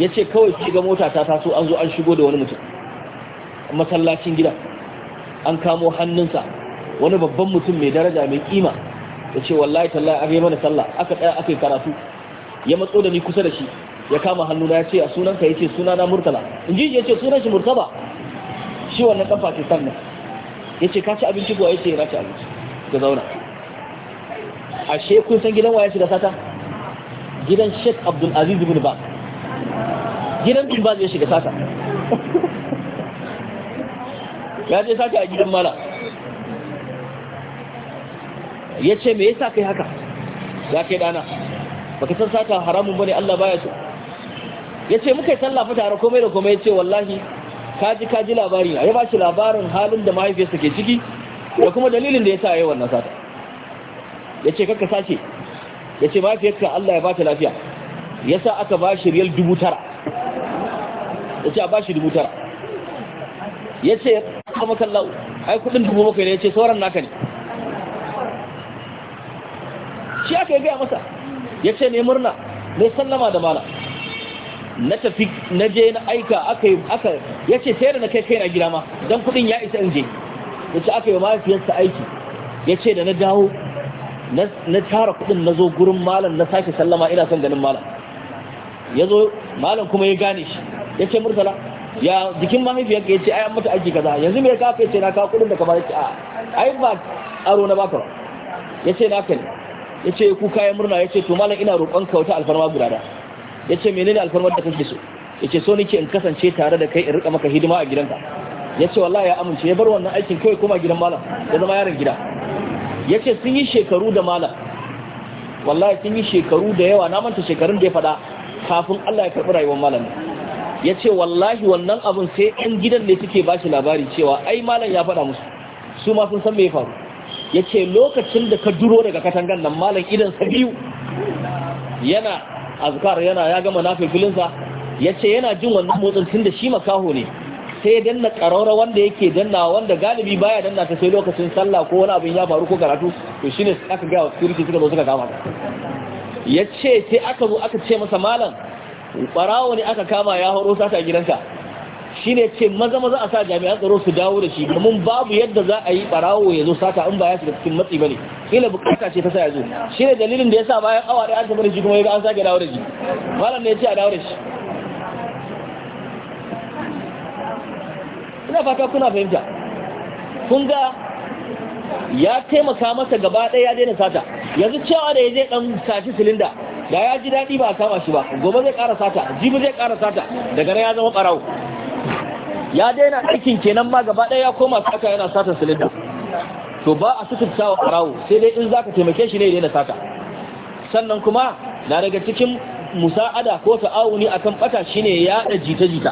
ya ce kawai shi ga mota ta taso an zo an shigo da wani mutum masallacin gida an kamo hannunsa wani babban mutum mai daraja mai kima ya ce wallahi tallahi a yi mana sallah aka tsaya aka yi karatu ya matso da ni kusa da shi ya kama hannuna ya ce a sunanka ya ce na murtala in ji ya ce sunan shi murtaba shi wannan kafa ke sannan ya ce ka ci abinci kuwa ya ce na ci abinci ka zauna ashe kun san gidan shi da sata gidan sheikh abdul aziz bin ba gidan bin ba zai shiga sata ya je sata a gidan mala ya ce me yasa kai haka ya kai dana baka san sata haramun bane Allah baya so ya ce muka yi sallah tare komai da komai ya ce wallahi kaji kaji labari na ya ba shi labarin halin da mahaifiyarsa ke ciki da kuma dalilin da ya sa yi wannan sata ya ce kakka sace ya ce mahaifiyarka Allah ya ba ta lafiya ya sa aka ba shi riyal dubu tara ya ce a bashi dubu tara ya ce kama kallau ai kudin dubu bakwai ne ya ce sauran naka ne shi aka yi gaya masa ya ce ne murna ne sallama da mala na tafi na je na aika aka yi aka ya ce sai da na kai kai na gida ma don kudin ya isa in je ya ce aka yi mahaifiyarsa aiki ya ce da na dawo na tara kudin na zo gurin malam na sake sallama ina son ganin malam ya zo malam kuma ya gane shi ya ce murtala ya jikin mahaifiyar ka ya ce ai an mata aiki kaza yanzu me kafa ce na kawo kudin da kamar yace a ayi ba aro na baka ya ce naka ne ya ce ku kayan murna ya ce to malam ina roƙon ka wata alfarma guda da ya ce menene alfarmar da kake so ya ce so nake in kasance tare da kai in rika maka hidima a gidanka ya ce wallahi ya amince ya bar wannan aikin kawai koma gidan malam ya zama yaron gida ya ce sun yi shekaru da malam wallahi sun yi shekaru da yawa na manta shekarun da ya faɗa kafin Allah ya karɓi rayuwar malam ya ce wallahi wannan abin sai 'yan gidan ne suke ba shi labari cewa ai malam ya faɗa musu su ma sun san me ya faru ya ce lokacin da ka duro daga katangan nan malam idan sa biyu yana azkar yana ya gama na filinsa ya ce yana jin wannan motsin tun da shi makaho ne sai ya danna ƙararra wanda yake danna wanda galibi baya danna ta sai lokacin sallah ko wani abin ya faru ko karatu to shine aka gaya wa security suka zo suka kama ya ce sai aka zo aka ce masa malam barawo ne aka kama ya horo sata gidanka shi ne ce maza maza a sa jami'an tsaro su dawo da shi domin babu yadda za a yi barawo ya zo sata in ba ya shiga cikin matsi ba ne kila bukata ce ta sa ya zo shi ne dalilin da ya sa bayan awa ɗaya an tafi da shi kuma ya ga an sake dawo da shi malam ne ya ce a dawo da shi ina fata kuna fahimta kun ga ya taimaka masa gaba ɗaya ya daina sata yanzu cewa da ya zai ɗan sashi silinda da ya ji daɗi ba a kama shi ba gobe zai ƙara sata jibi zai ƙara sata daga nan ya zama ɓarawo ya daina aikin kenan ma gaba ɗaya ya koma sata yana sata silinda to ba a sutunta wa ɓarawo sai dai in zaka taimake shi ne ya daina sata sannan kuma na daga cikin musa'ada ko ta'awuni akan bata shine ɗa jita-jita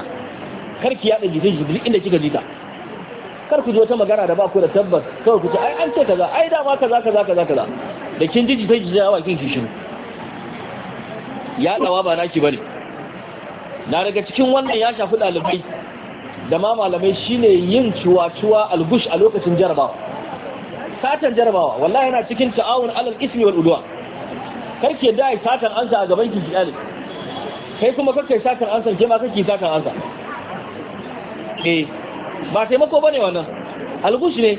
kar ki yaɗa jita-jita duk inda kika jita kar ku ji wata magana da ba ku da tabbas kawai ku ce ai an ce kaza ai da ma kaza kaza kaza kaza da kin ji ta ji zawa kin kishin ya dawa ba naki bane na daga cikin wannan ya shafi dalibai da ma malamai shine yin ciwa ciwa algush a lokacin jarabawa satan jarabawa wallahi yana cikin ta'awun alal ismi wal udwa karki yadda ai satan ansa a gaban ki kiyale kai kuma kake satan ansa ke ma kake satan ansa eh ba taimako ba ne wannan Alkushi ne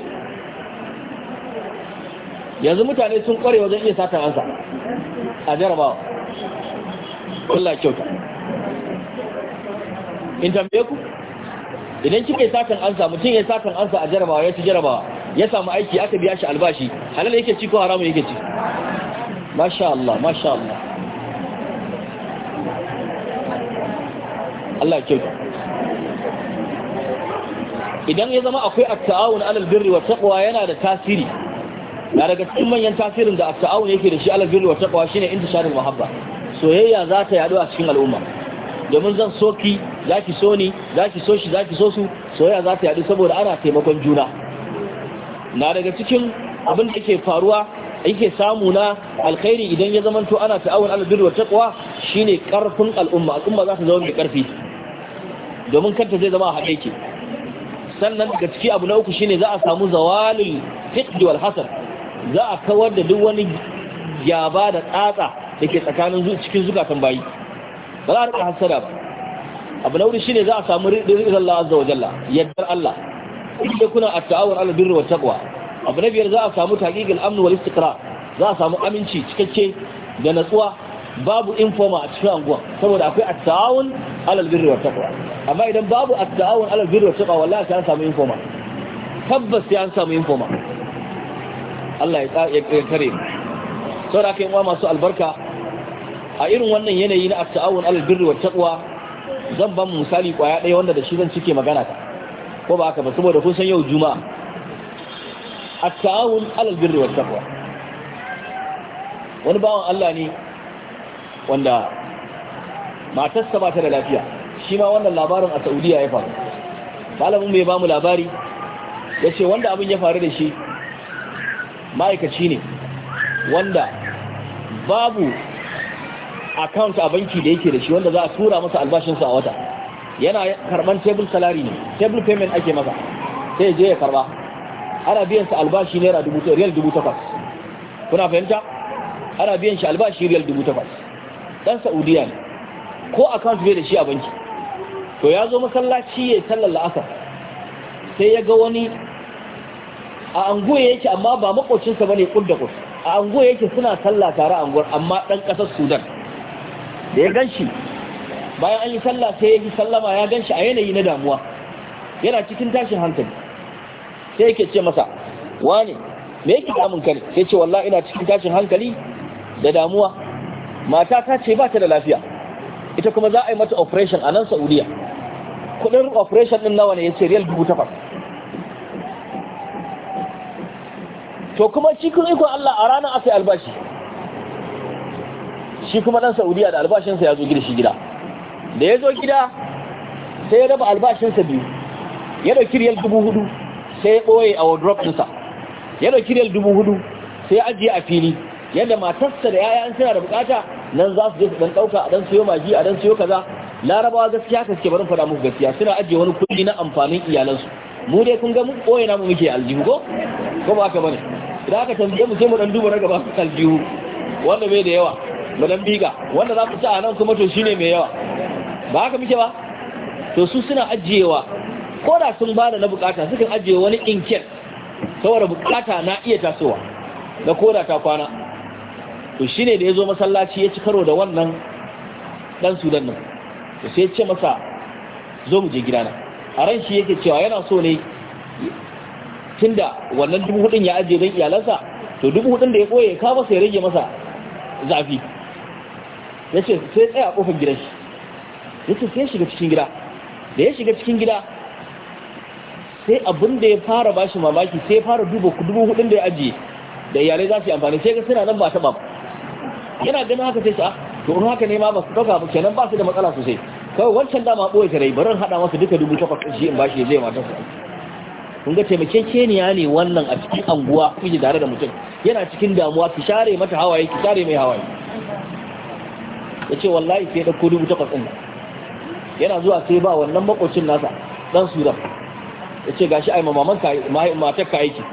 yanzu mutane sun kware wajen iya satan ansa a jarabawa Allah kyauta in tambaye ku idan kike satan ansa mutum ya satan ansa a jarabawa ya ci jarabawa ya samu aiki aka biya shi albashi halal yake ci ko haramun yake ci masha Allah masha Allah Allah kyauta idan ya zama akwai at-ta'awun alal birri wa taqwa yana da tasiri na daga cikin manyan tasirin da at-ta'awun yake da shi alal birri wa taqwa shine intisharul mahabba soyayya za ta yadu a cikin al'umma domin zan soki zaki so ni zaki so shi zaki so su soyayya za ta yadu saboda ana taimakon juna na daga cikin abin da yake faruwa yake samu na alkhairi idan ya zamanto ana ta'awun alal birri wa taqwa shine karfin al'umma al'umma za ta zama mai karfi domin kanta zai zama a haɗe ke sannan daga ciki abu na uku shine za a samu zawalul fiqh wal hasad za a kawar da duk wani yaba da tsatsa dake tsakanin cikin zukatan bayi ba za a rika hasada ba abu na uku shine za a samu ridin Allah azza wa jalla yaddar Allah inda kuna at ala birri wa taqwa abu na biyar za a samu taqiqul amn wal istiqrar za a samu aminci cikakke da natsuwa babu informa a cikin anguwa saboda akwai at alal birri wat taqwa amma idan babu at alal birri wat taqwa wallahi sai an samu informa tabbas sai an samu informa Allah ya kare mu saboda kai uwa masu albarka a irin wannan yanayi na at alal birri wat taqwa zan ban misali kwaya ɗaya wanda da shi zan cike magana ta ko ba haka ba saboda kun san yau juma'a at alal birri wat taqwa wani bawan Allah ne wanda matarsa ba ta da lafiya shi ma wannan labarin a saudiya ya faru malamin ba bamu labari ya ce wanda abin ya faru da shi ma'aikaci ne wanda babu account a banki da yake da shi wanda za a tura masa albashinsa a wata yana karban table salari ne table payment ake masa sai je ya karba ana biyan sa albashi naira dubu riyal dubu takwas kuna fahimta ana biyan shi albashi riyal dubu takwas dan saudiya ne ko account bai da shi a banki to ya zo masallaci ya sallar la'asar sai ya ga wani a anguwa yake amma ba makocinsa bane kudda kus a anguwa yake suna talla tare a anguwar amma dan kasar sudan da ya ganshi bayan an yi talla sai ya ji sallama ya ganshi a yanayi na damuwa yana cikin tashin hankali sai yake ce masa wane me yake damun kare? sai ce wallahi ina cikin tashin hankali da damuwa mata ta ce ba ta da lafiya ita kuma za a yi mata operation a nan saudiya kudin operation din nawa ne ya ce riyal dubu takwas to kuma cikin ikon Allah a ranar aka yi albashi shi kuma dan saudiya da albashinsa ya zo gida shi gida da ya zo gida sai ya raba albashinsa biyu ya dauki riyal dubu hudu sai ya ɓoye a wardrobe ɗinsa ya dauki riyal dubu hudu sai ya ajiye a fili yadda matarsa da yaya suna da bukata nan za su je su dan dauka a su siyo magi a dan siyo kaza larabawa gaskiya ka suke barin faɗa muku gaskiya suna ajiye wani kuɗi na amfanin iyalansu mu dai kun ga mu ɓoye namu muke aljihu ko ko ba ka bane idan aka tambaye mu sai mu dan duba na gaba aljihu wanda bai da yawa mu dan biga wanda za ku ci a nan kuma to shine mai yawa ba haka muke ba to su suna ajiyewa ko da sun bada na bukata sukan ajiye wani inket, saboda bukata na iya tasowa Na koda ta kwana to shi ne da ya zo masallaci ya ci karo da wannan dan sudan nan to sai ce masa zo mu je gidana a ran shi yake cewa yana so ne tunda wannan dubu hudun ya ajiye don iyalansa to dubu hudun da ya koye ka masa ya rage masa zafi ya ce sai tsaya a kofar gidan shi ya ce sai shiga cikin gida da ya shiga cikin gida sai abin da ya fara bashi mamaki sai ya fara duba dubu hudun da ya ajiye da iyalai za su yi amfani sai ga suna nan ba taɓa ba yana ganin haka sai sa ah, to in haka ne ma ba su dauka ba kenan ba su da matsala sosai kawai wancan dama boye ta rai barin hada masa duka dubu takwas shi in bashi zai mata su kun ga taimakekeniya ne wannan a cikin anguwa kuke tare da mutum yana cikin damuwa ki share mata hawaye ki share mai hawaye yace wallahi sai da dubu takwas din yana zuwa sai ba wannan makocin nasa dan sudan yace gashi ai mamaman ka matar ka aiki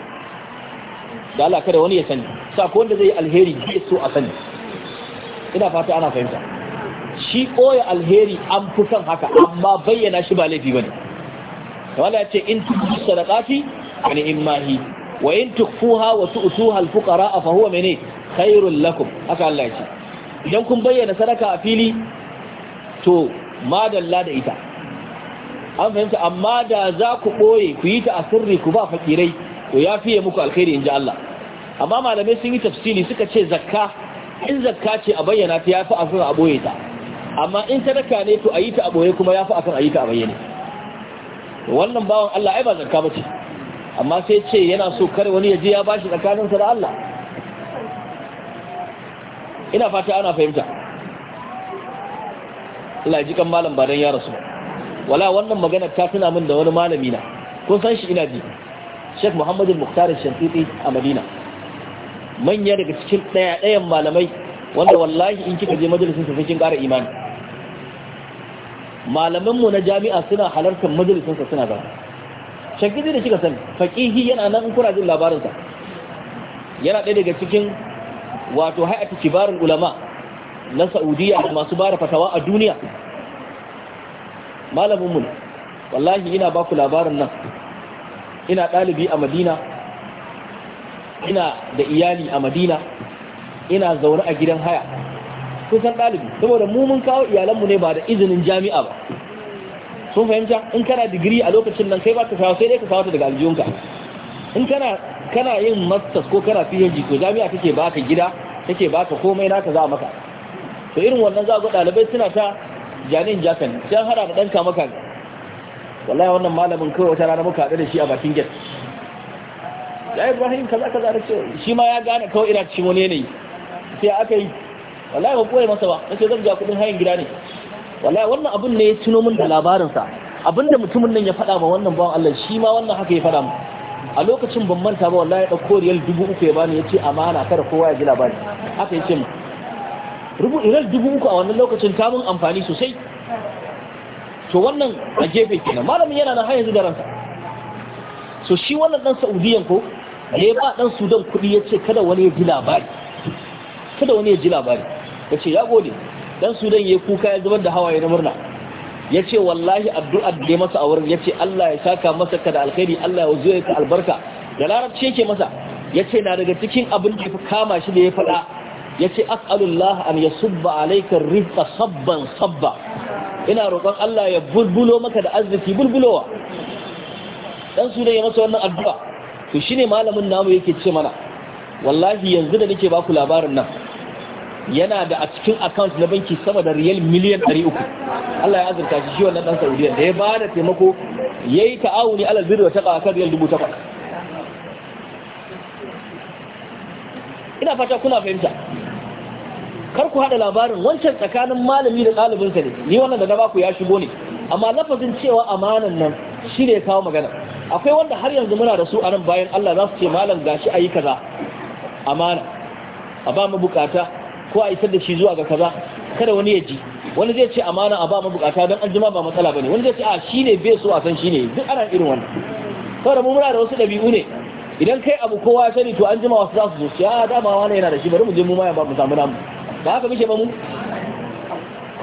da Allah kada wani ya sani sa ko wanda zai alheri bai so a sani ina fata ana fahimta shi koya alheri an fi son haka amma bayyana shi ba laifi bane wala ce in tubu sadaqati an immahi wa in tukfuha wa tu'tuha al fa huwa mene khairul lakum haka Allah ya ce idan kun bayyana sadaka a fili to madalla da ita an fahimta amma da za ku ɓoye ku yi ta a sirri ku ba fakirai to ya fiye muku alkhairi in ji Allah amma malamai sun yi tafsiri suka ce zakka in zakka ce a bayyana ta yafi akan a boye ta amma in sadaka ne to a yi ta a boye kuma yafi akan a yi ta a bayyane wannan bawan Allah ai ba zakka bace amma sai ce yana so kar wani ya je ya bashi tsakaninsa da Allah ina fata ana fahimta Allah ji kan malam ba dan ya rasu wala wannan magana ta tuna min da wani malami na kun san shi ina ji Sheikh Muhammad Al-Muqtar Shantiti a Madina manya daga cikin ɗaya ɗayan malamai wanda wallahi in kika je majalisin sa kin ƙara imani malaman mu na jami'a suna halartar majalisin sa suna ba shakki da kika san faqihi yana nan in kuna jin labarin sa yana ɗaya daga cikin wato hay'atu kibarul ulama na Saudiya da masu bara fatawa a duniya malamin mu wallahi ina ba ku labarin nan ina ɗalibi a Madina ina da iyali a madina ina zaune a gidan haya kusan ɗalibi saboda mu mun kawo iyalanmu ne ba da izinin jami'a ba sun fahimta in kana digiri a lokacin nan kai ba ka kawo sai dai ka kawo ta daga aljiyunka in kana yin masters ko kana PhD to jami'a take baka gida take baka komai naka za maka to irin wannan za ga ɗalibai suna ta janin jakan dan hada da dan kama kan wallahi wannan malamin kawai wata rana muka haɗu da shi a bakin gate ya ibrahim kaza kaza da ce shi ma ya gane kawai ina cikin wani ne sai aka yi wallahi ban koyi masa ba nace zan ja kudin hayin gida ne wallahi wannan abun ne ya tuno min da labarin sa abinda mutumin nan ya faɗa ma wannan bawan Allah shi ma wannan haka ya faɗa mu a lokacin ban manta ba wallahi ya ɗauko riyal dubu uku ya bani ya ce amana kada kowa ya ji labari haka ya ce mu rubu riyal dubu uku a wannan lokacin ta mun amfani sosai to wannan a gefe kenan malamin yana nan har yanzu da ransa so shi wannan dan saudiyan ko ya ba dan sudan kuɗi ya ce kada wani ya ji labari kada wani ya ji labari ya ce ya gode dan sudan ya kuka ya zubar da hawaye na murna ya ce wallahi addu'a da ya masa a wurin ya ce Allah ya saka masa kada da alkhairi Allah ya zuwa ka albarka da larabci yake masa ya ce na daga cikin abin da ya kama shi da ya faɗa ya ce as'alullah an ya subba alaikar rifka sabban sabba ina roƙon Allah ya bulbulo maka da arziki bulbulowa dan su ya masa wannan addu'a to shine malamin namu yake ce mana wallahi yanzu da nake baku labarin nan yana da a cikin account na banki sama da riyal miliyan 300 Allah ya azurta shi wannan dan Saudiya da ya ba da taimako yayi ta'awuni ala birri wa taqwa kan riyal 1800 ina fata kuna fahimta kar ku hada labarin wancan tsakanin malami da ɗalibinsa ne ni wannan da na baku ya shigo ne amma lafazin cewa amanan nan shi ne kawo magana akwai wanda har yanzu muna da su a nan bayan Allah za su ce malam gashi ayi kaza amana a ba mu bukata ko a isar da shi zuwa ga kaza kada wani ya ji wani zai ce amana a ba mu bukata don an jima ba matsala bane wani zai ce a shine bai so a san shine duk ana irin wannan saboda mu muna da wasu dabi'u ne idan kai abu kowa ya sani to an jima wasu za su zo ya dama wani yana da shi bari mu je mu ma ya ba mu samu namu ba haka muke ba mu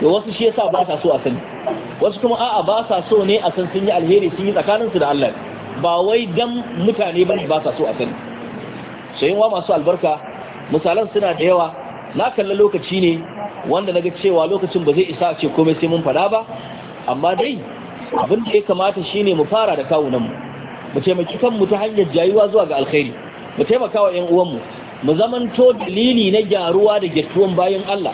to wasu shi yasa ba sa so a sani wasu kuma a'a ba sa so ne a san sun yi alheri sun yi tsakaninsu da Allah ba wai dan mutane ba ne ba sa so a sani sayin wa masu albarka misalan suna da yawa na kalla lokaci ne wanda na ga cewa lokacin ba zai isa ce komai sai mun fada ba amma dai abin da ya kamata shine mu fara da kawunanmu mu taimaki kanmu ta hanyar jayuwa zuwa ga alkhairi mu taimaka wa ƴan uwanmu mu zamanto dalili na gyaruwa da gyatuwan bayan Allah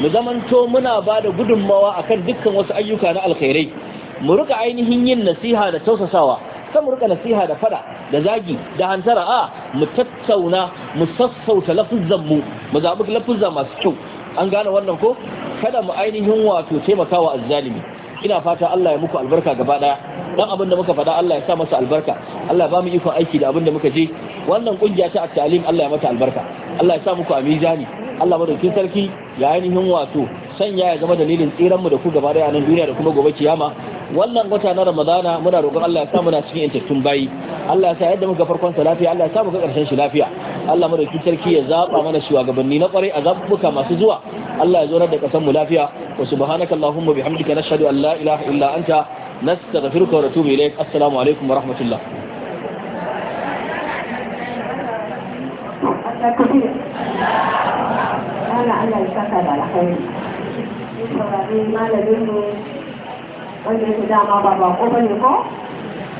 mu zamanto muna ba da gudunmawa akan dukkan wasu ayyuka na alkhairai mu rika ainihin yin nasiha da tausasawa kan mu rika nasiha da fada da zagi da hantara a mu tattauna mu sassauta lafuzzan mu mu zabi lafuzza masu kyau an gane wannan ko kada mu ainihin wato taimakawa azzalimi ina fata Allah ya muku albarka gaba daya dan abin da muka faɗa Allah ya sa masa albarka Allah ya ba mu ikon aiki da abin da muka je wannan kungiya ta at-ta'lim Allah ya mata albarka Allah ya sa muku a mizani Allah madaukin sarki ya ainihin wato sanya ya zama dalilin tsiranmu da ku gaba daya nan duniya da kuma gobe kiyama wannan wata na ramadana muna roƙon Allah ya sa muna cikin intattun bayi Allah ya sa yadda muka farkon sa lafiya Allah ya sa muka ƙarshen shi lafiya Allah madauki sarki ya zaba mana shugabanni na kwarai a zabuka masu zuwa Allah ya zo da ƙasar mu lafiya wa subhanaka allahumma bihamdika nashhadu an la ilaha illa anta nastaghfiruka wa natubu ilaik assalamu alaikum wa rahmatullah na tafiya saka da alkhairi saurari malamin dama ba ba ko bane ko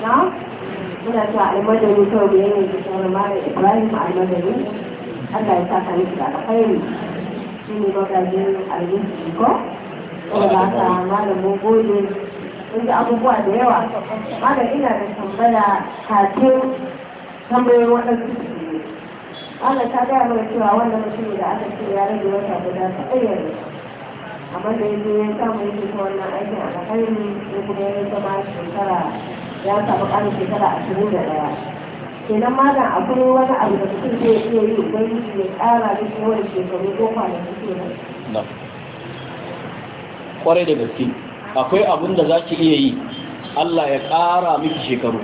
na muna cewa almadani da malam ibrahim almadani allah ya da alkhairi shi ne ko malamin gode abubuwa da yawa malam ina da tambaya kafin tambayoyin waɗansu Allah ta gaya mana cewa wannan mutumin da aka ce ya rage wata guda ta ɗaya ne amma da yanzu ya samu yake ta wannan aikin kakarin ya kuma ya zama shekara ya samu ƙarin shekara ashirin da ɗaya kenan da akwai wani abu da mutum zai iya yi ubangiji ya ƙara da shi wani shekaru ko kwanaki kenan. kwarai da gaske akwai abin da za ki iya yi Allah ya ƙara miki shekaru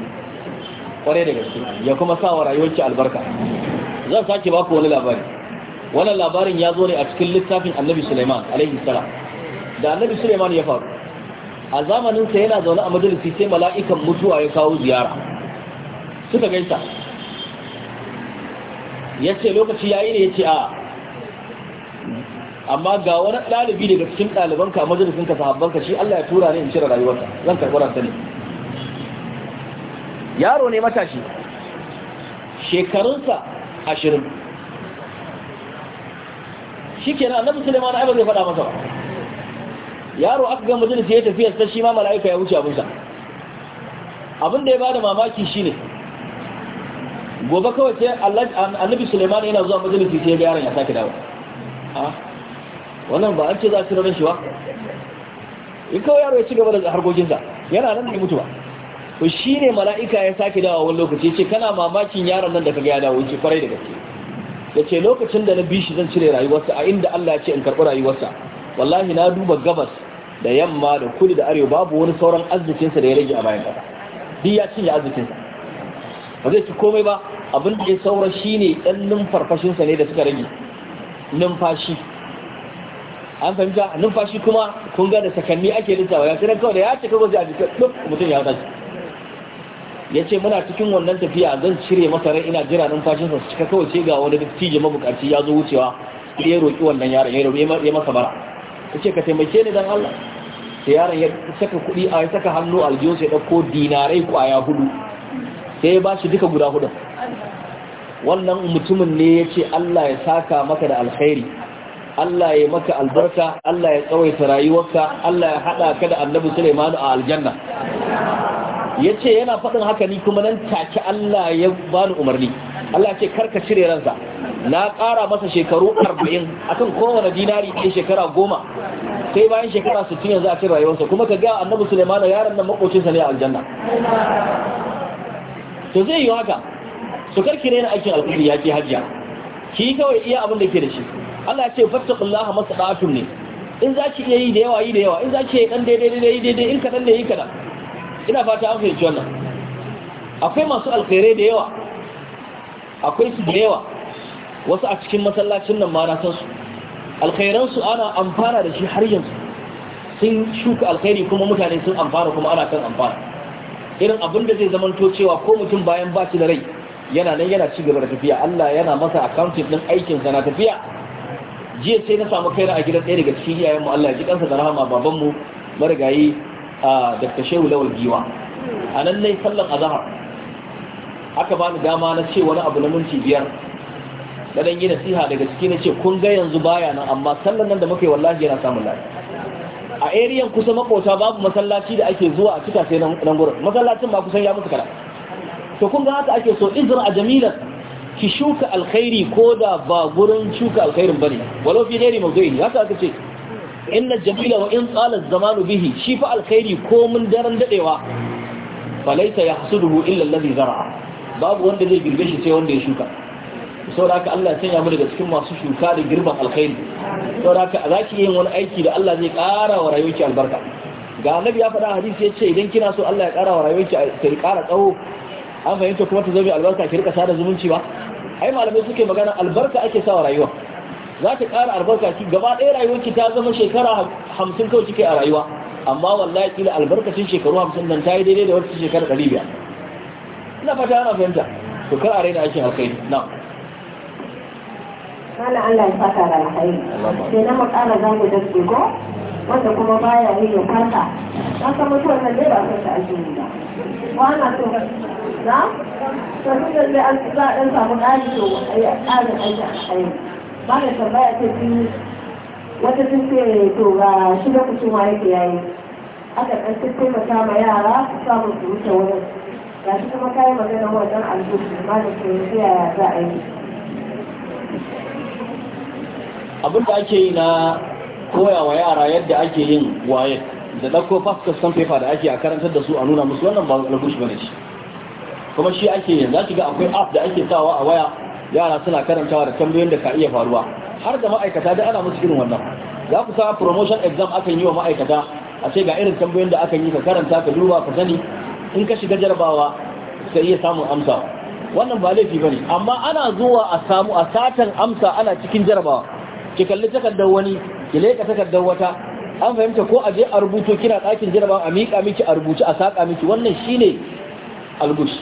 kwarai da gaske ya kuma sa wa rayuwarki albarka zan sake baku wani labari wannan labarin ya zo ne a cikin littafin annabi suleiman alaihi salam da annabi suleiman ya faru a zamaninsa yana zaune a majalisi sai mala'ikan mutuwa ya kawo ziyara suka gaisa ya ce lokaci ya yi ne ya ce a amma ga wani ɗalibi daga cikin ɗalibanka a majalisinka sahabbanka shi Allah ya tura ne in cire rayuwarsa zan karɓi ta ne yaro ne matashi shekarunsa ashirin shi ke nan annabi suleiman na ba zai faɗa masa ba yaro aka ga sai ya tafiya ta shi ma mala'ika ya wuce abinsa abin da ya bada mamaki shi ne gobe kawai sai annabi suleiman yana zuwa majalisa sai ya ga yaron ya sake dawo wannan ba an ce za a ci ran shi ba in kawai yaro ya ci gaba da harkokinsa yana nan da mutu ba. to ne mala'ika ya sake dawa wani lokaci ce kana mamakin yaron nan da ka gaya dawa ce kwarai da gaske yace lokacin da na bi shi zan cire rayuwarsa a inda Allah ya ce in karɓi rayuwarsa wallahi na duba gabas da yamma da kudu da arewa babu wani sauran arzikinsa da ya rage a bayan ƙasa duk ya cinye arzikinsa ba zai ci komai ba abin da ya saura shi ne ɗan numfarfashinsa ne da suka rage numfashi an fahimta numfashi kuma kun ga da sakanni ake lissawa ya kira kawai da ya cika gwazi a jikin duk mutum ya tashi ya ce muna cikin wannan tafiya zan cire masa rai ina jira numfashinsa su cika kawai ce ga wani dattijo mabukaci ya zo wucewa sai ya roki wannan yaron ya roki ya masa bara Ya ce ka taimake ni dan Allah sai yaron ya saka kuɗi a ya saka hannu aljiyo sai ɗauko dinarai kwaya hudu sai ya ba shi duka guda hudu wannan mutumin ne ya ce Allah ya saka maka da alkhairi Allah ya maka albarka Allah ya tsawaita rayuwarka Allah ya haɗa ka da annabi Sulaiman a aljanna ya ce yana faɗin haka ni kuma nan take Allah ya bani umarni Allah ce karka cire ransa na ƙara masa shekaru 40 akan kowane dinari ɗaya shekara goma sai bayan shekara 60 yanzu a cin rayuwarsa kuma ka ga annabi Suleiman yaron nan makocinsa ne a aljanna to zai yi haka su karki na aikin alkhairi ya ke hajjia ki kawai iya abin da ke da shi Allah ya ce fattaqullaha masada'atum ne in za ki iya yi da yawa yi da yawa in za ki yi dan daidai daidai in in ɗan da yi ka ina fata an fahimci wannan akwai masu alkhairai da yawa akwai su da yawa wasu a cikin masallacin nan ma na san su alkhairansu ana amfana da shi har yanzu sun shuka alkhairi kuma mutane sun amfana kuma ana kan amfana irin abin da zai zamanto cewa ko mutum bayan ba shi da rai yana nan yana ci gaba da tafiya Allah yana masa accounting din aikin sa na tafiya jiya sai na samu kaira a gidan ɗaya daga cikin iyayen mu Allah ya ji kansa da rahama baban mu marigayi da Shehu lawal giwa a nan ne sallan azahar aka bani dama na ce wani abu na minti biyar da dan yi nasiha daga ciki na ce kun ga yanzu baya nan amma sallan nan da muka yi wallahi yana samun lafiya a eriyan kusa makota babu masallaci da ake zuwa a cika sai nan gurin masallacin ba kusan ya musu kada to kun ga haka ake so izra a jamilan ki shuka alkhairi ko da ba gurin shuka alkhairin bane walau fi ghairi mawdu'i haka aka ce inna jamila wa in tsala zamanu bihi shi fa alkhairi ko mun daren dadewa falaita yahsuduhu illa alladhi zaraa babu wanda zai girbe shi sai wanda ya shuka saboda Allah ya sanya mu daga cikin masu shuka da girba alkhairi saboda haka zaki yin wani aiki da Allah zai ƙara wa rayuwarki albarka ga annabi ya faɗa hadisi ya ce idan kina so Allah ya ƙara wa rayuwarki ta ƙara tsawo an fahimta kuma ta zama albarka ki rika sada zumunci ba ai malamai suke magana albarka ake sa wa rayuwa za ta ƙara albarka ki gaba ɗaya rayuwarki ta zama shekara hamsin kawai kike a rayuwa amma wallahi kila albarkacin shekaru hamsin nan ta yi daidai da wata shekara ɗari biyar ina fata ana fahimta to kar a raina aikin alkhairi na Mana Allah ya fata da alkhairi. Sai na makara za mu dace ko wanda kuma baya yi ya fata. Na san mutuwar nan dai ba san ta ake yi ba. Wa ana so na? Sai kun da za a ɗan samu ƙari to a yi ƙarin aikin alkhairi. ba da tambaya ta fi wata sun ce to ga shi lokacin waye ke yayi aka ɗan sun taimaka ma yara su samu su wuce wurin ga shi kuma kayan magana wa ɗan alhudu ba da ke yi yaya za a yi abin da ake yi na koya wa yara yadda ake yin waye da ɗauko fast san fefa da ake a karantar da su a nuna musu wannan ba na gushi bane shi kuma shi ake yin za ki ga akwai app da ake sawa a waya yara suna karantawa da tambayoyin da ka iya faruwa har da ma'aikata da ana musu irin wannan za ku sa promotion exam akan yi wa ma'aikata a ce ga irin tambayoyin da aka yi ka karanta ka duba ka sani in ka shiga jarabawa ka iya samun amsa wannan ba laifi bane amma ana zuwa a samu a satan amsa ana cikin jarabawa ki kalli takardar wani ki leka takardar wata an fahimta ko a je a rubuto kina ɗakin jarabawa a miƙa miki a rubuci a saƙa miki wannan shine algush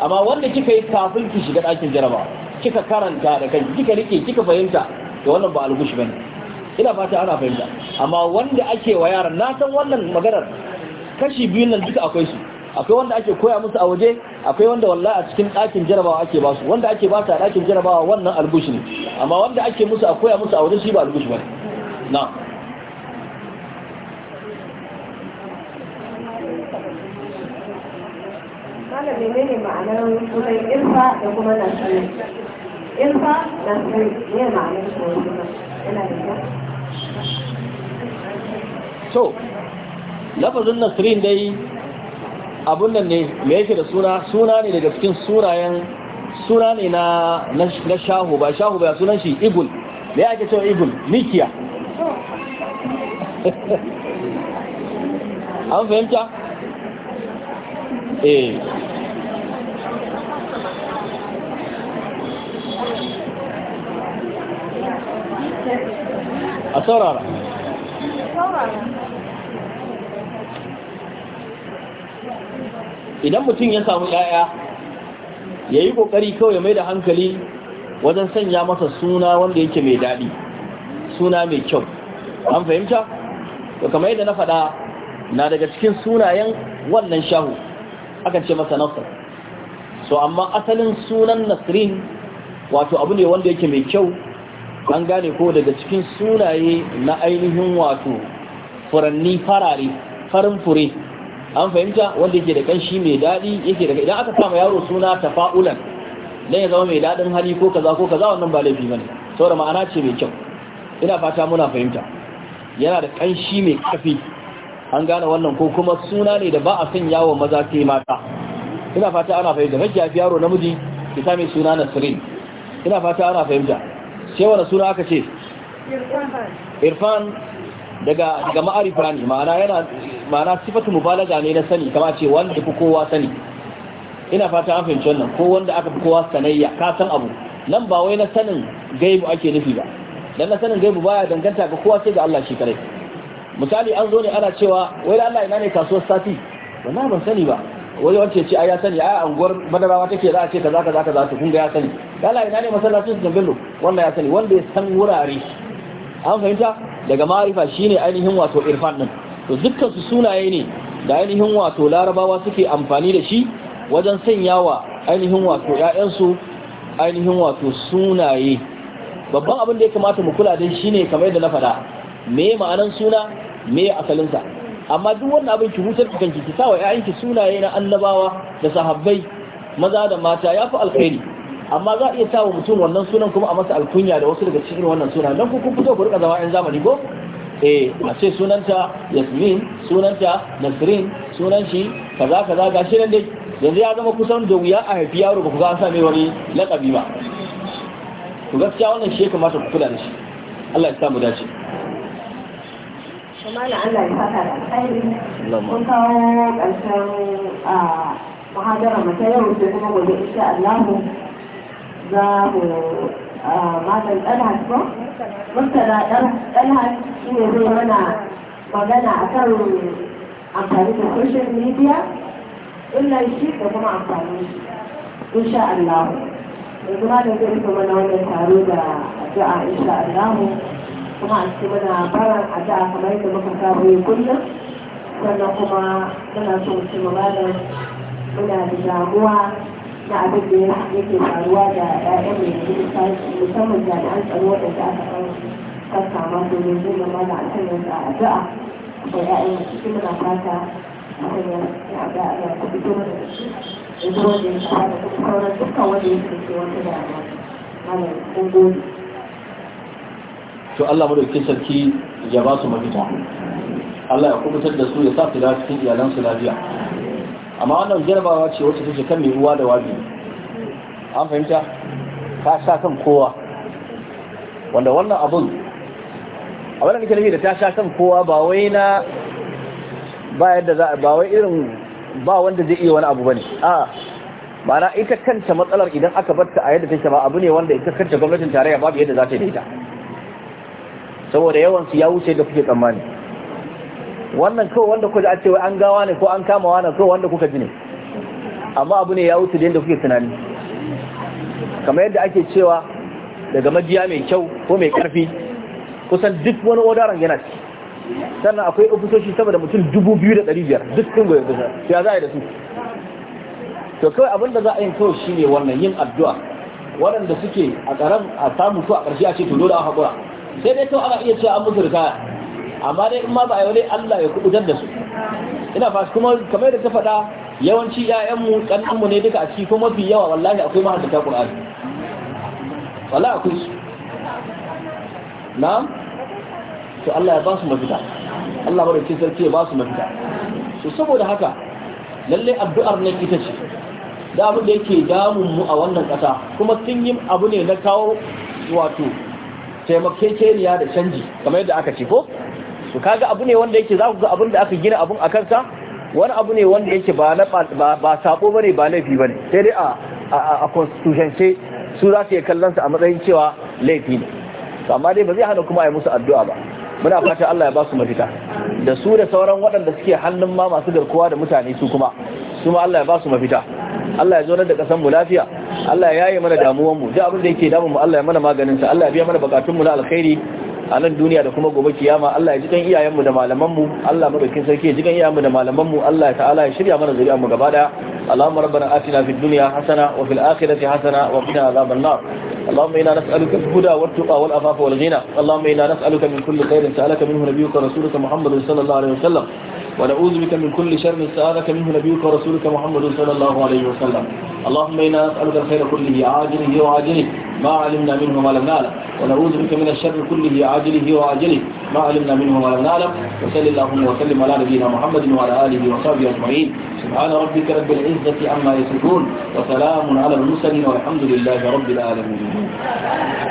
amma wanda kika yi kafin ki shiga ɗakin jaraba kika karanta da kai kika rike kika fahimta to wannan ba algushi bane ina fata ana fahimta amma wanda ake wa yaran na san wannan maganar kashi biyu nan duka akwai su akwai wanda ake koya musu a waje akwai wanda wallahi a cikin ɗakin jarabawa ake ba su. wanda ake ba su a ɗakin jarabawa wannan algushi ne amma wanda ake musu a koya musu a waje shi ba algushi bane na'am Kala menene ma'anar sunan ilfa da kuma na nasani? Irfa nasani ne ma'anar sunan yana da kyau. So, lafazin nasirin dai abun nan ne me yake da suna suna ne daga cikin sunayen suna ne na na shahu ba shahu ba sunan shi ibul me ake cewa ibul mikiya an fahimta eh a saurara idan mutum ya samu yaya ya yi ƙoƙari kawai ya mai da hankali wajen sanya masa suna wanda yake mai daɗi suna mai kyau an fahimta to kamar yadda na faɗa na daga cikin sunayen wannan shahu akan ce masa nasr so amma asalin sunan nasrin wato abu ne wanda yake mai kyau an gane ko daga cikin sunaye na ainihin wato furanni farare farin fure an fahimta wanda yake da kanshi mai daɗi yake daga idan aka kama yaro suna tafa'ulan dan ya zama mai daɗin hali ko kaza ko kaza wannan ba laifi bane saboda ma'ana ce mai kyau ina fata muna fahimta yana da kanshi mai kafi an gane wannan ko kuma suna ne da ba a san yawo maza ke mata ina fata ana fahimta mai jafi yaro namiji ki sa mai suna na sirin ina fata ana fahimta sai wani suna aka ce Irfan daga daga ma'arifa ne ma'ana yana ma'ana sifatu mubalaga ne na sani kama ce wanda fi kowa sani ina fata an fahimci wannan ko wanda aka fi kowa sanayya ka san abu nan ba wai na sanin gaibu ake nufi ba dan na sanin gaibu baya danganta ga kowa sai ga Allah shi kare misali an zo ne ana cewa wai Allah ina ne kasuwar sati na ban sani ba wani wance ce ai ya sani ai anguwar madarawa take za a ce kaza kaza kaza to kun ga ya sani Allah ina ne masallacin da bello Wanda ya sani wanda ya san wurare an fahimta daga ma'arifa shine ainihin wato irfan din to dukkan su sunaye ne da ainihin wato larabawa suke amfani da shi wajen sanyawa ainihin wato ƴaƴansu ainihin wato sunaye babban abin da ya kamata mu kula da shine kamar yadda na faɗa me ma'anan suna me asalinsa amma duk wannan abin ki hutar kan ki sa wa ki sunaye na annabawa da sahabbai maza da mata yafi alkhairi amma za a iya sawa mutum wannan sunan kuma a masa alkunya da wasu daga cikin wannan sunan dan ku kun fito ku rika zama ƴan zamani ko eh a ce sunanta Yasmin sunanta Nasrin sunan shi kaza kaza gashi nan dai yanzu ya zama kusan da wuya a haifi yaro ba ku ga an sa mai wani lakabi ba ku gaskiya wannan shi ya kamata ku kula da shi Allah ya sa mu dace Kamala Allah ya fata da alkhairi. Mun kawo ƙarshen muhadara mata yau sai kuma gobe insha Allah za mu matan ɗalhat ko? Murtala ɗalhat shi ne zai mana magana a kan amfani da social media, illar shi da kuma amfani shi. Insha Allah. Yanzu ma da zai mana wannan taro da addu'a insha Allah. kuma a ce muna baran a da kamar yadda muka saba yi kullum sannan kuma muna so mu ce malam muna da damuwa na abin da yake faruwa da ƴaƴan mai yanzu musamman jami'an tsaro waɗanda aka san sassa ma domin zai zama da alhanyar da addu'a da ƴaƴan cikin muna fata hanyar da addu'a da ku fito mana da shi da zuwa da ya shafa da kuma sauran dukkan wanda ya ke wata damuwa malam kun ƙungoli. to Allah madaukakin sarki ya ba su mafita Allah ya kubutar da su ya sa su cikin iyalansu lafiya amma wannan jarabawa ce wacce take kan mai ruwa da wabi an fahimta ta sha kan kowa wanda wannan abun a wannan nake nufi da ta sha kan kowa ba wai na ba yadda za ba wai irin ba wanda zai iya wani abu bane a ma'ana ita kanta matsalar idan aka bar ta a yadda take ba abu ne wanda ita kanta gwamnatin tarayya babu yadda za ta yi da ita saboda yawan su ya wuce da kuke tsammani wannan kawai wanda kuka ce cewa an gawa ne ko an kama wani kawai wanda kuka ji ne amma abu ne ya wuce da yadda kuke tunani kamar yadda ake cewa daga majiya mai kyau ko mai karfi kusan duk wani odaran yana ci sannan akwai ofisoshi sama da mutum 2,500 duk sun goyi kusa ya za a yi da su to kawai abin da za a yi kawai shi ne wannan yin addu'a waɗanda suke a karan a samu su a ƙarshe a ce to dole a haƙura sai dai kawai ana iya cewa an musu rikaya amma dai in ma ba a yi wani Allah ya kudu da su ina fata kuma kamar da ta faɗa yawanci ƴaƴanmu ƙananmu ne duka a ciki ko mafi yawa wallahi akwai mahaddata ƙur'ani wallahi akwai su na'am to Allah ya ba su mafita Allah madaukakin sarki ya ba su mafita su saboda haka lalle addu'ar nan ita ce da abin da yake damun mu a wannan ƙasa kuma sun yi abu ne na kawo wato taimakekeniya da canji kamar yadda aka ce ko su kaga abu ne wanda yake za ku ga abin da aka gina abun a kansa wani abu ne wanda yake ba na ba sabo bane ba laifi bane sai dai a a constitution ce su za su yi kallon a matsayin cewa laifi ne amma dai ba zai hana kuma a musu addu'a ba muna fata Allah ya ba su mafita da su da sauran waɗanda suke hannun ma masu garkuwa da mutane su kuma su ma Allah ya ba su mafita Allah ya zo da kasan mu lafiya Allah ya yaye mana damuwan mu duk abin da yake damun mu Allah ya mana maganin sa Allah ya biya mana bukatun mu na alkhairi a nan duniya da kuma gobe kiyama Allah ya ji kan iyayenmu da malamanmu Allah madaukin sarki ya ji kan iyayenmu da malamanmu Allah ta'ala ya shirya mana zuri'anmu gaba daya اللهم ربنا آتنا في الدنيا حسنة وفي الآخرة حسنة وقنا عذاب النار اللهم إنا نسألك الهدى والتقى والعفاف والغنى اللهم إنا نسألك من كل خير سألك منه نبيك ورسولك محمد صلى الله عليه وسلم ونعوذ بك من كل شر استعاذك منه نبيك ورسولك محمد صلى الله عليه وسلم اللهم إنا نسألك الخير كله عاجله وعاجله ما علمنا منه ما لم نعلم ونعوذ بك من الشر كله عاجله وعاجله ما علمنا منه ما لم نعلم وصل اللهم وسلم على نبينا محمد وعلى آله وصحبه أجمعين سبحان ربك رب العزة عما يصفون وسلام على المرسلين والحمد لله رب العالمين